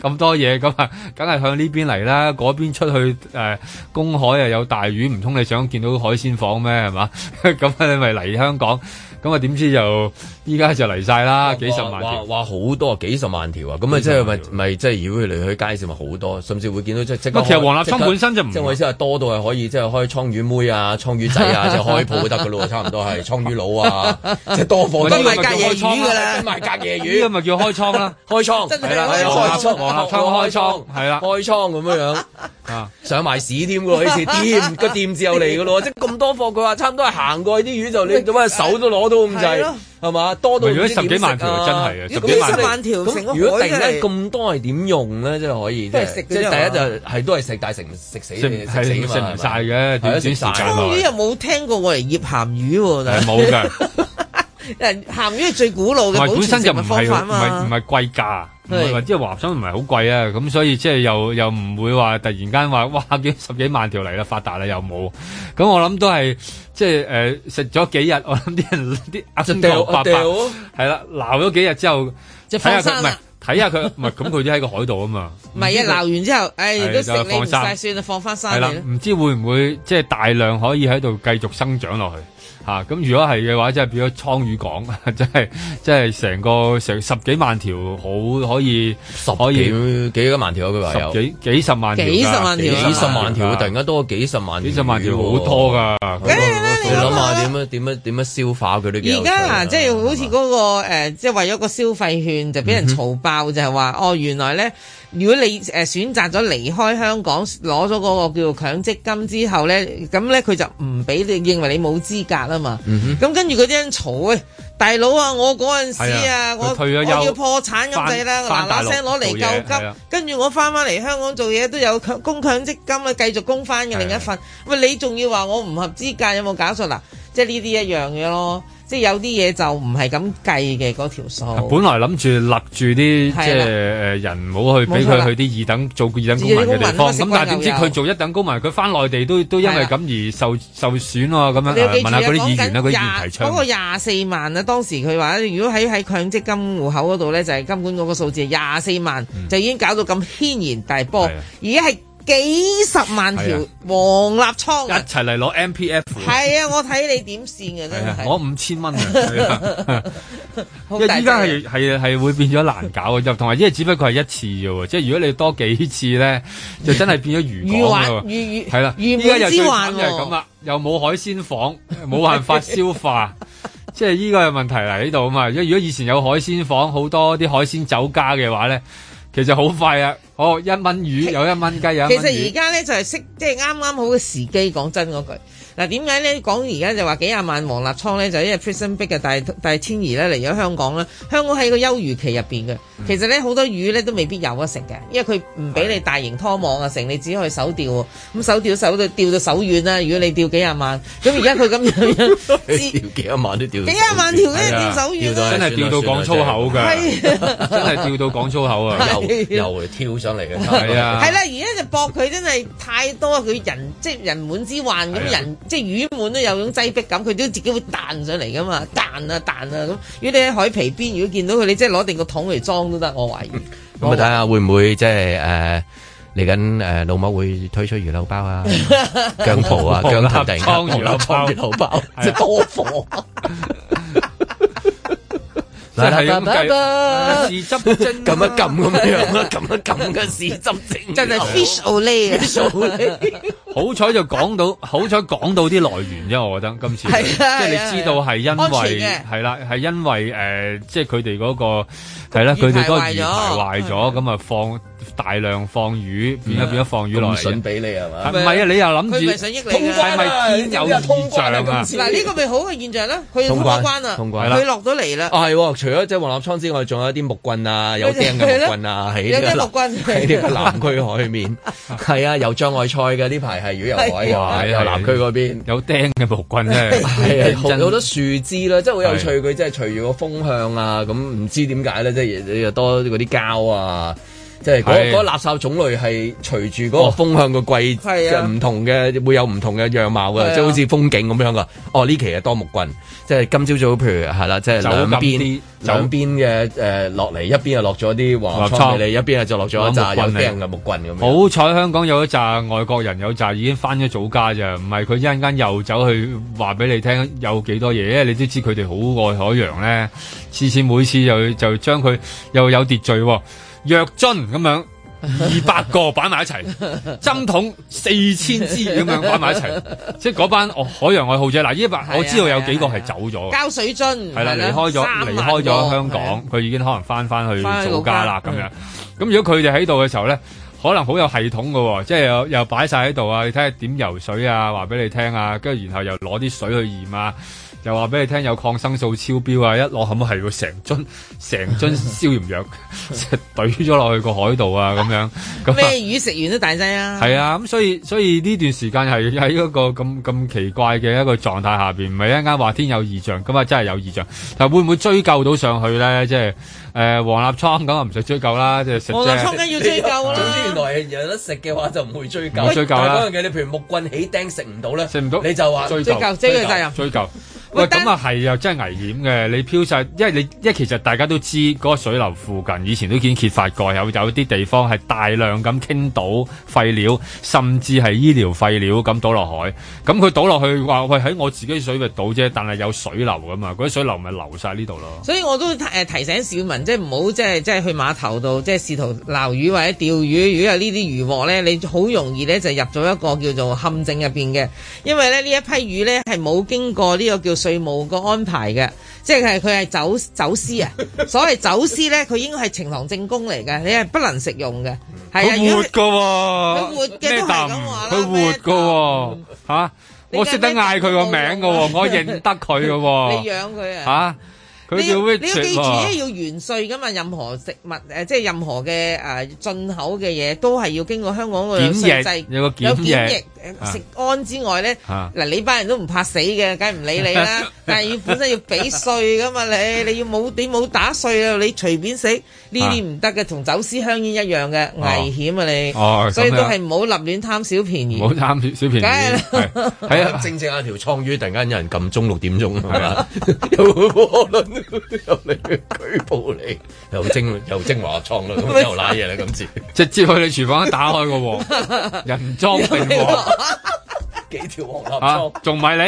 咁 [LAUGHS] 多嘢咁啊，梗係向呢邊嚟啦，嗰邊出去誒、呃、公海啊有大魚，唔通你想見到海鮮房咩係嘛？咁啊 [LAUGHS] [LAUGHS] 你咪嚟香港。咁啊？點知就依家就嚟晒啦！幾十萬條，哇好多啊，幾十萬條啊！咁啊，即係咪咪即係如果佢嚟去街市咪好多，甚至會見到即係即。其實黃立聰本身就唔即我意思話多到係可以即係開倉魚妹啊、倉魚仔啊，即係開鋪得噶咯。差唔多係倉魚佬啊，即係多貨。呢啲咪隔夜魚㗎啦，咪隔夜魚。呢咪叫開倉啦，開倉係啦，開倉，倉開倉係啦，開倉咁樣樣啊，想賣屎添㗎喎，以前店個店字又嚟㗎咯，即咁多貨，佢話差唔多係行過去啲魚就你點啊手都攞。都咁滯，係嘛？多到十幾萬條，真係啊！十幾萬條，咁如果突然間咁多，係點用咧？即係可以。即係食嘅啫。第一就係都係食大食食死，食唔晒嘅，點點食晒落魚又冇聽過我嚟醃鹹魚，但係冇嘅。鹹魚係最古老嘅保存食物方法，方法嘛，唔係唔係貴價，即係華商唔係好貴啊，咁所以即係又又唔會話突然間話哇幾十幾萬條嚟啦發達啦又冇，咁我諗都係即係誒食咗幾日，我諗啲人啲阿生掉爸爸掉係了啦，鬧咗幾日之後就睇下佢，唔係睇下佢唔係咁佢都喺個海度啊嘛，唔係啊鬧完之後，唉、哎、都食你唔晒算生啦，放翻生啦，唔知會唔會即係、就是、大量可以喺度繼續生長落去。嚇！咁如果係嘅話，即係變咗倉魚港，即係即係成個成十幾萬條，好可以，可以幾多萬條佢話有幾十萬條，幾十萬條，幾十萬條，突然間多咗幾十萬條，幾十萬條，好多㗎！你諗下點樣點樣點樣消化佢呢？而家嗱，即係好似嗰個即係為咗個消費券就俾人嘈爆，就係話哦，原來咧。如果你誒選擇咗離開香港攞咗嗰個叫做強積金之後咧，咁咧佢就唔俾你認為你冇資格啊嘛。咁、嗯、哼跟住嗰啲人嘈誒，大佬啊，我嗰陣時啊，我我要破產咁你啦，嗱嗱聲攞嚟救急，啊、跟住我翻翻嚟香港做嘢都有強供強積金啊，繼續供翻嘅另一份。喂、啊，你仲要話我唔合資格，有冇搞錯嗱？即係呢啲一樣嘅咯。即係有啲嘢就唔係咁計嘅嗰條數。本來諗住立住啲即係誒人，唔好去俾佢去啲二等做二等公民嘅地方。咁但係點知佢做一等公民，佢翻內地都都因為咁而受的受損喎。咁樣、呃、問下啲議員啊。啲議員提出。嗰個廿四萬啊，當時佢話如果喺喺強積金戶口嗰度咧，就係、是、金管局個數字廿四萬，嗯、就已經搞到咁軒然大波，而家係。幾十萬條黃立倉一齊嚟攞 MPF，係啊，我睇你點算嘅啫，攞五千蚊啊！因為依家係係係會變咗難搞嘅，又同埋因為只不過係一次啫，即係如果你多幾次咧，就真係變咗魚缸啦，係啦，魚目之患。依家又真係咁啦，又冇海鮮房，冇辦法消化，即係依個有問題喺度啊嘛。如果以前有海鮮房，好多啲海鮮酒家嘅話咧，其實好快啊。哦，一蚊魚有一蚊雞有一蚊魚，其實而家咧就係識即係啱啱好嘅時機，講真嗰句。嗱，點解咧講而家就話幾廿萬黃立倉咧，就因、是、為 prison 逼嘅大大遷移咧嚟咗香港啦。香港喺個休漁期入邊嘅，其實咧好多魚咧都未必有得食嘅，因為佢唔俾你大型拖網啊，成你只可以手釣，咁、嗯、手釣手就釣，釣，釣到手軟啦。如果你釣幾廿萬，咁而家佢咁， [LAUGHS] 幾廿萬都釣幾廿萬條咧，釣手軟，真係釣到講、啊啊、粗口㗎，啊、真係釣到講粗口 [LAUGHS] 啊， [LAUGHS] 又又跳上嚟嘅，係啊，係啦、啊，而家、啊、就搏佢真係太多，佢人即係人滿之患咁、啊、人。即係魚滿都有種擠迫感，佢都自己會彈上嚟噶嘛，彈啊彈啊咁。如果你喺海皮邊，如果見到佢，你即係攞定個桶嚟裝都得。我懷疑。咁啊、嗯，睇、呃、下會唔會即係誒嚟緊誒老母會推出魚柳包啊、姜蒲啊、姜蒲定？魚柳包、 [LAUGHS] 魚柳包，即係多貨。得唔得？豉汁蒸咁啊！咁咁樣，咁 [LAUGHS] 啊！咁啊 [LAUGHS] 豉汁蒸，真係 fish only，fish only。 [LAUGHS] [LAUGHS] 好彩就講到，好彩講到啲來源啫，我覺得今次即係你知道係因為係啦，係因為誒，即係佢哋嗰個係啦，佢哋嗰個魚排壞咗，咁啊放大量放魚，變咗變咗放魚落嚟，俾你係嘛？唔係啊，你又諗住通關啊？現有現象啦，嗱呢個咪好嘅現象啦，佢通關啦，佢落咗嚟啦。係，除咗即係黃立倉之外，仲有一啲木棍啊，有釘嘅木棍啊，喺呢個南喺呢個南區海面，係啊，有障礙賽嘅呢排。如果有海嘅話是南區嗰邊有釘嘅木棍咧，係啊，好多樹枝啦，即係好有趣。佢是即係隨住個風向啊，咁唔知點解咧，即係你又多嗰啲膠啊。即係嗰、那個啊、垃圾種類係隨住嗰、那個、哦、風向嘅季、啊、即係唔同嘅會有唔同嘅樣貌嘅，啊、即係好似風景咁樣噶。哦，呢期係多木棍，即係今朝早譬如係啦，即係兩邊兩邊嘅誒落嚟，一邊係落咗啲黃倉俾你，一邊係初就落咗一紮有嘅木棍咁。棍樣好彩香港有一紮外國人有紮已經翻咗祖家咋，唔係佢一陣間又走去話俾你聽有幾多嘢，因為你都知佢哋好愛海洋咧，次次每次就就將佢又有秩序、哦。藥樽咁樣，二百個擺埋一齊，針筒四千支咁樣擺埋一齊， [LAUGHS] 即係嗰班哦海洋愛好者嗱，依班 [LAUGHS] 我知道有幾個係走咗，膠 [LAUGHS] 水樽係啦，離的的開咗離開咗香港，佢的已經可能返返去做家啦咁樣。咁 [LAUGHS] 如果佢哋喺度嘅時候咧，可能好有系統噶，即係又又擺晒喺度啊，你睇下點游水啊，話俾你聽啊，跟住然後又攞啲水去驗啊。又話俾你聽有抗生素超標啊！一落口係要成樽成樽消炎藥，懟咗落去個海度啊！咁樣咁咩魚食完都大劑啊？係啊！咁所以所以呢段時間係喺一個咁咁奇怪嘅一個狀態下邊，唔係一啱話天有異象，咁啊真係有異象。但會唔會追究到上去咧？即係誒，黃、呃、立倉咁啊，唔使追究啦。即係黃立倉梗要追究啦，啊。嗯、有總之原來有得食嘅話就唔會追究會追究樣嘢，你譬如木棍起釘食唔到咧，食唔到你就話追究責任追究。喂，咁啊係啊，真係危險嘅，你漂晒，因為你，因為其實大家都知嗰個水流附近，以前都已經揭發過，有有啲地方係大量咁傾倒廢料，甚至係醫療廢料咁倒落海。咁佢倒落去，話喂，喺我自己水域倒啫，但係有水流噶嘛，嗰啲水流咪流晒呢度咯。所以我都誒提醒市民，即係唔好即係即係去碼頭度，即係試圖撈魚或者釣魚，如果係呢啲漁獲咧，你好容易咧就入咗一個叫做陷阱入邊嘅，因為咧呢一批魚咧係冇經過呢個叫。稅務個安排嘅，即係佢係走走私啊！ [LAUGHS] 所謂走私咧，佢應該係呈堂證供嚟嘅，你係不能食用嘅，係佢、啊、活噶、啊，咁話？佢活噶，吓！我識得嗌佢個名噶、啊，我認得佢噶，你養佢啊？吓、 [LAUGHS] 啊！啊你要你要記住咧，要完稅噶嘛，任何食物誒，即係任何嘅誒進口嘅嘢，都係要經過香港嘅檢疫，有檢疫食安之外咧，嗱你班人都唔怕死嘅，梗係唔理你啦。但係要本身要俾稅噶嘛，你你要冇你冇打稅啊，你隨便食呢啲唔得嘅，同走私香煙一樣嘅危險啊你。哦，所以都係唔好立亂貪小便宜，唔好貪小便宜。係啊，正正啊條倉魚突然間有人撳鐘六點鐘，係嘛？ [LAUGHS] 又嚟舉報你，又精華又精華創咯，咁又瀨嘢啦，今次直 [LAUGHS] 接去你廚房一打開個喎，人贓並獲。 [LAUGHS] 幾條黃立倉，仲唔係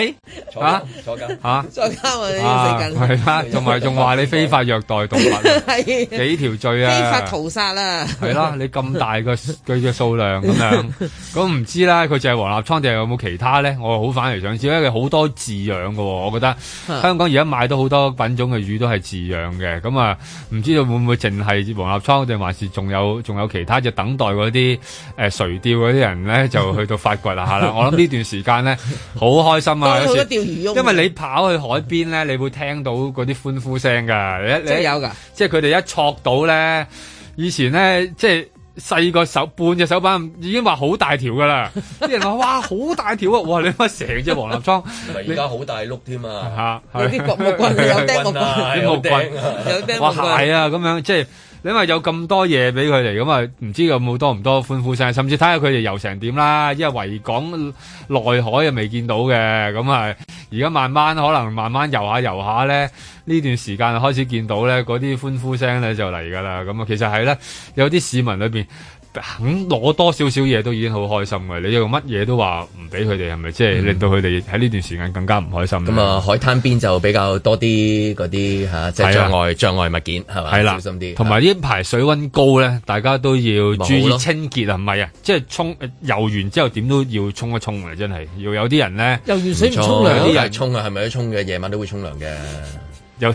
你？啊，坐緊，啊，再加埋呢四斤，係啦，同埋仲話你非法虐待動物，係幾條罪啊？非法屠殺啦，係咯，你咁大個佢嘅數量咁樣，咁唔知啦，佢淨係黃立倉定係有冇其他咧？我好反而想知，因為佢好多飼養嘅，我覺得香港而家買到好多品種嘅魚都係飼養嘅，咁啊，唔知道會唔會淨係黃立倉定還是仲有仲有其他？就等待嗰啲誒垂釣嗰啲人咧，就去到發掘啦吓啦！我諗呢段。時間咧好開心啊！有時因為你跑去海邊咧，你會聽到嗰啲歡呼聲噶。即係有㗎，即係佢哋一捉到咧，以前咧即係細個手半隻手板已經話好大條㗎啦。啲人話：哇，好大條啊！哇，你乜成隻黃立莊，而家好大碌添啊！嚇，有啲木棍，有釘木棍，有釘，有釘木棍啊！係啊，咁樣即係。因為有咁多嘢俾佢哋，咁啊唔知有冇多唔多歡呼聲，甚至睇下佢哋游成點啦。因為維港內海啊未見到嘅，咁啊而家慢慢可能慢慢遊下游下咧，呢段時間開始見到咧嗰啲歡呼聲咧就嚟噶啦。咁啊其實係咧，有啲市民裏邊。肯攞多少少嘢都已經好開心嘅。你用乜嘢都話唔俾佢哋，係咪即係令到佢哋喺呢段時間更加唔開心咁啊，海灘邊就比較多啲嗰啲嚇，即係障礙障礙物件係咪？係啦，小心啲。同埋呢排水溫高咧，大家都要注意清潔啊，唔係啊，即係沖遊完之後點都要沖一沖嘅，真係要有啲人咧，游完水唔沖涼啲人沖啊，係咪去沖嘅？夜晚都會沖涼嘅，有。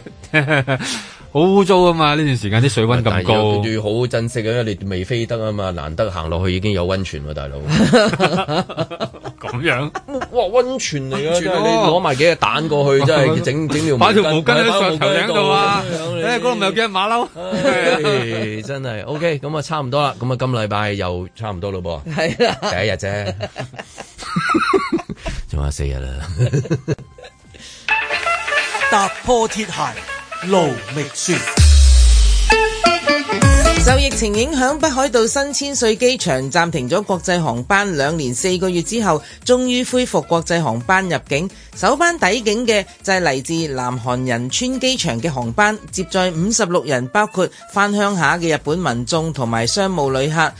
好污糟啊嘛！呢段時間啲水温咁高，要好珍惜啊！因為你未飛得啊嘛，難得行落去已經有温泉喎，大佬。咁樣，哇，温泉嚟啊！即係你攞埋幾隻蛋過去，真係整整條毛巾喺頭頂度啊！嗰度咪有幾隻馬騮？真係 OK，咁啊，差唔多啦，咁啊，今禮拜又差唔多咯噃。係第一日啫，仲有四日啦。踏破鐵鞋。路未說，受疫情影響，北海道新千歲機場暫停咗國際航班兩年四個月之後，終於恢復國際航班入境。首班抵境嘅就係嚟自南韓仁川機場嘅航班，接載五十六人，包括返鄉下嘅日本民眾同埋商務旅客。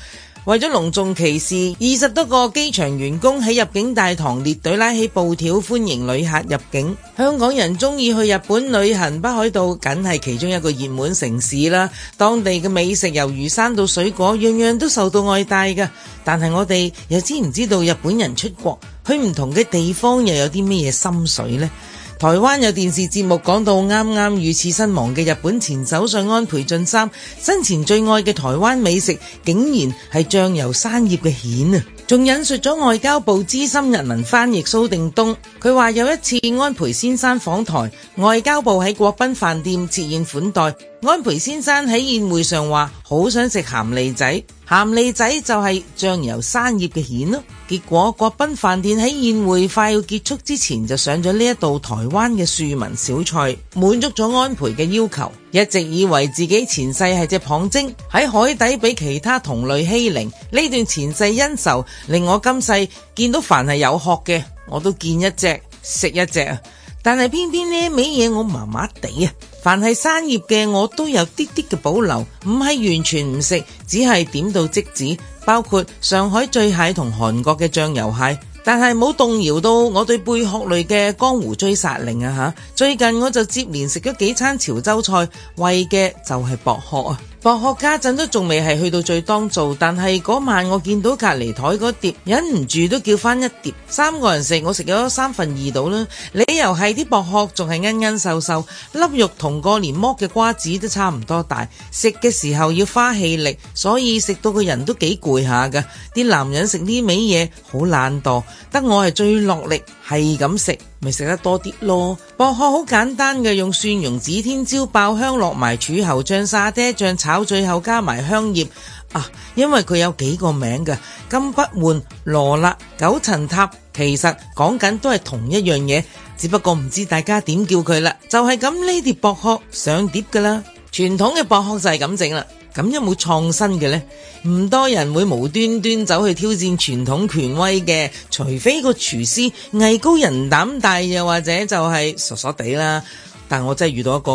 為咗隆重其事，二十多個機場員工喺入境大堂列隊，拉起布條歡迎旅客入境。香港人鍾意去日本旅行，北海道梗係其中一個熱門城市啦。當地嘅美食，由魚生到水果，樣樣都受到愛戴嘅。但係我哋又知唔知道日本人出國去唔同嘅地方又有啲咩嘢心水呢？台灣有電視節目講到啱啱遇刺身亡嘅日本前首相安倍晉三，生前最愛嘅台灣美食竟然係醬油生醃嘅蜆啊！仲引述咗外交部資深日文翻譯蘇定東，佢話有一次安倍先生訪台，外交部喺國賓飯店設宴款待。安倍先生喺宴會上話好想食鹹脷仔，鹹脷仔就係醬油山葉嘅蜆咯。結果國賓飯店喺宴會快要結束之前就上咗呢一道台灣嘅庶民小菜，滿足咗安倍嘅要求。一直以為自己前世係隻蚌精，喺海底俾其他同類欺凌。呢段前世恩仇令我今世見到凡係有殼嘅，我都見一隻食一隻。但係偏偏呢味嘢我麻麻地啊！凡係生醃嘅，我都有啲啲嘅保留，唔係完全唔食，只係點到即止。包括上海醉蟹同韓國嘅醬油蟹，但係冇動搖到我對貝殼類嘅江湖追殺令啊！吓，最近我就接連食咗幾餐潮州菜，為嘅就係薄殼啊。薄殼家陣都仲未係去到最當造，但係嗰晚我見到隔籬台嗰碟，忍唔住都叫翻一碟。三個人食，我食咗三分二到啦。理由係啲薄殼仲係恩恩瘦瘦，粒肉同過年剝嘅瓜子都差唔多大。食嘅時候要花氣力，所以食到個人都幾攰下噶。啲男人食呢味嘢好懶惰，得我係最落力。係咁食，咪食得多啲咯！薄殼好簡單嘅，用蒜蓉、指天椒爆香，落埋柱侯醬、沙爹醬炒，炒最後加埋香葉啊！因為佢有幾個名嘅，金不換、羅勒、九層塔，其實講緊都係同一樣嘢，只不過唔知大家點叫佢啦。就係咁呢碟薄殼上碟噶啦，傳統嘅薄殼就係咁整啦。咁有冇創新嘅呢？唔多人會無端端走去挑戰傳統權威嘅，除非個廚師藝高人膽大，又或者就係傻傻地啦。但我真係遇到一個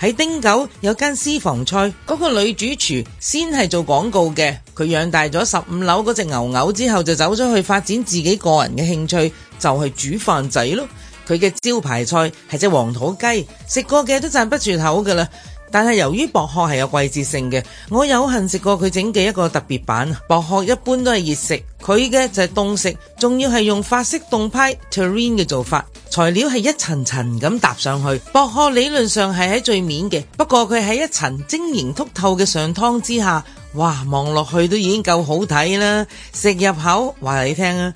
喺丁九有間私房菜，嗰、那個女主廚先係做廣告嘅。佢養大咗十五樓嗰隻牛牛之後，就走咗去發展自己個人嘅興趣，就係、是、煮飯仔咯。佢嘅招牌菜係隻黃土雞，食過嘅都讚不絕口噶啦。但係由於薄殼係有季節性嘅，我有幸食過佢整嘅一個特別版薄殼，一般都係熱食，佢嘅就係凍食，仲要係用法式凍派 terrine 嘅做法，材料係一層層咁搭上去，薄殼理論上係喺最面嘅，不過佢喺一層晶瑩剔透嘅上湯之下。哇，望落去都已經夠好睇啦！食入口，話你聽啊，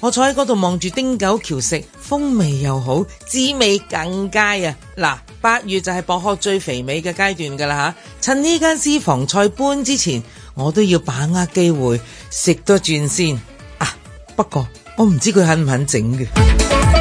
我坐喺嗰度望住汀九橋食，風味又好，滋味更佳啊！嗱，八月就係薄殼最肥美嘅階段㗎啦吓，趁呢間私房菜搬之前，我都要把握機會食多轉先啊！不過我唔知佢肯唔肯整嘅。 [MUSIC]